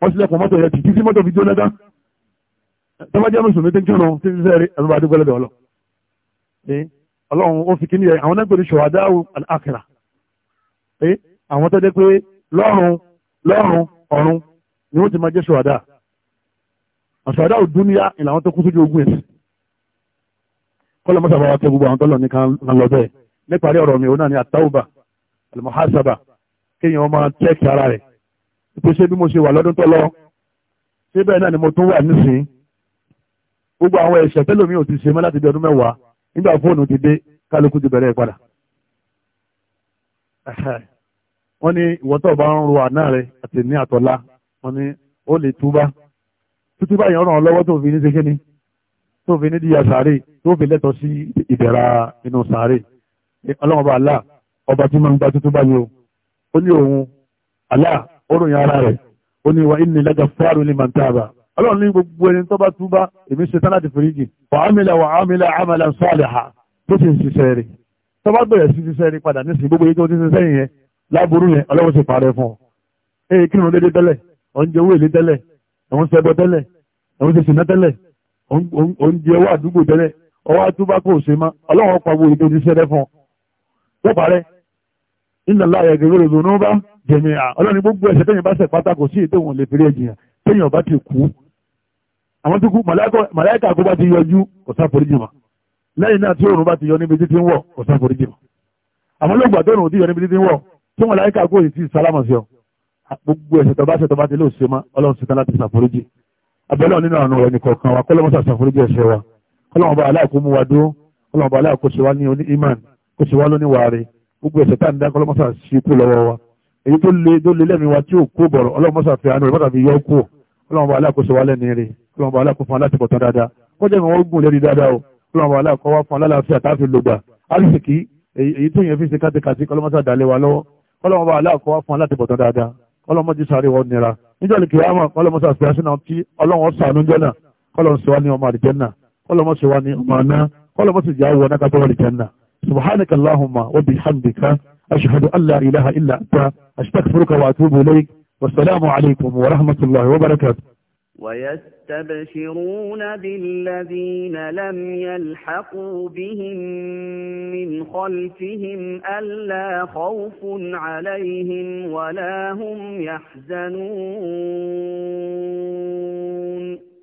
S1: wọ́n ṣílẹ̀kùn mọ́tò yẹ tì títí mọ́tò fi jóná dá tọ́bajẹ́ mùsùlùmí tí ń kírun títí sẹ́ẹ̀rí ẹ̀ ọlọ́run ó fi kí ní ẹ àwọn náà pè ní ṣòwádáwò àkìrà pé àwọn tó pé lọ́run lọ́run ọ̀run ni wọ́n ti máa jẹ́ ṣòwádà àṣòwádáwò dúníyà ìlànà tó kú sójú ogun ẹ̀sìn kọ́lọ̀ mọ́sàbà wa tẹ gbogbo àwọn tọ́lọ̀ ní kan lọ bẹ́ẹ̀ níparí ọ̀rọ̀ mi òun náà ni àtàwùbà àlùmọ́hásábà kéèyàn ọmọ tẹ́ẹ̀kì ara rẹ̀ ipò ṣe bí mo ṣe wà lọ́dún tó ṣé bẹ́ẹ̀ náà ni mo tún wà nísìnyí gbogbo àwọn ẹ̀ṣẹ̀ tẹ́lómi ò ti ṣe mọ́ láti bí ọdún mẹ́wàá nígbà fóònù ti dé kálukú ti bẹ̀rẹ̀ padà wọ́n ní ìwọ́tọ̀ bá ń ro àná rẹ̀ àti ní àtọ̀lá wọ́n ní ó lè túbá títí báyìí ọ̀ràn lọ́wọ́ tó fi ní ṣe kíni tó fi ní díya sàárè tó fi lẹ́tọ̀ọ́ sí ìdẹ̀ra inú sàárè ọlọ́run bá Allah ọba tí máa ń gba tuntun báyìí o ó ní òun Allah ó ròyìn ara rẹ̀ ó ní wa inni laghafarun liman taba ọlọ́run ní gbogbo ẹni tó bá túbá èmi ṣe tán láti foríjì wà á mílẹ̀ wà á mílẹ̀ àmàlà sọ́ọ̀lẹ̀ha tó ti ń ṣiṣẹ́ rẹ̀ tó bá bẹ̀rẹ̀ sí ṣiṣẹ́ rẹ̀ padà ní sí gbogbo ètò ṣiṣẹ́ yẹn láburú yẹn ọlọ́run ṣe parẹ́ fún ọ. ee kí ló dédé tẹ́lẹ̀ oúnjẹ owó èlé tẹ́lẹ̀ òun ṣẹbọ tẹ́lẹ̀ òun ṣe ṣìnà tẹ́lẹ̀ oúnjẹ owó àdúgbò tẹ́lẹ̀ ọwọ́ àtúbá kò ṣe má ọlọ́run pa gbogbo jami'a ọlọ́run gbogbo ẹ̀ṣẹ̀ tẹ́yìn bá ṣẹ̀ pátá kò sí ètò òun àwọn tó kú màláìka kó bá ti yọjú ọ̀sá foríjì mọ́ lẹ́yìn náà tí òòrùn bá ti yọ níbi títí ń wọ̀ ọ̀sá foríjì mọ́ àmọ́ lóògbà tó òòrùn ti yọ níbi títí ń wọ̀ tí màláìka kó yìí ti sálámà sí ọ gbogbo ẹ̀ṣẹ̀ tó bá ṣẹ̀ tó bá ti lè ṣe mọ́ ọlọ́run ṣetán láti ṣàforíjì abẹ́lẹ́ nínú àánú rẹ̀ nìkọ̀ọ̀kan wa kọ́lọ́mọ́sà ṣàforíjì ẹ̀ṣẹ̀ wa kọ́lọ́mọba aláàkó mú wa dúró kọ́lọ́mọba aláàkó ṣe wá ní oní imán kó ṣe wá lóní wàre gbogbo ẹ̀ṣẹ̀ tá à ń dá kọ́lọ́mọ́sà ṣekú lọ́wọ́ wa èyí tó le lẹ́mìí wa tí ò kó bọ̀rọ̀ ọlọ́mọ́sà fi àánú rẹ̀ mọ́tà fi yọ kú ọlọ́mọba aláàkó ṣe wá lẹ́ni rẹ̀ ọlọ́run bá aláàkó fún aláti bọ̀tán dáadáa kọjá ìmọ̀ wọn gùn lérí dáadáa o ọlọ́run bá aláàkó wá fún alálàáfíà tá a fi lògbà àríṣìkí èyí tó yẹn fi ṣe kátikàtí kọlọ́mọ́sá dalẹ̀ wa lọ́wọ́ ọlọ́run bá aláàkó wá fún aláti bọ̀tán dáadáa ọlọ́mọ jí sáré wọn nira níjọ́ ní kìlámà ọlọ́mọsá fi aṣọ náà tí ọlọ́run sànú jọ́nà ọlọ́run sì wá ní ọmọ àdìjẹ́nà ọlọ́mọ sì wá ní ọmọ àná ọlọ́mọ sì jáwọ́ ọ̀nà kátó àdìjẹ́nà subhanaka allahumma wa bihamdika ashhadu an la ilaha illa anta astaghfiruka wa atubu ilayk wassalamu alaykum wa rahmatullahi wa barakatuh ويستبشرون بالذين لم يلحقوا بهم من خلفهم ألا خوف عليهم ولا هم يحزنون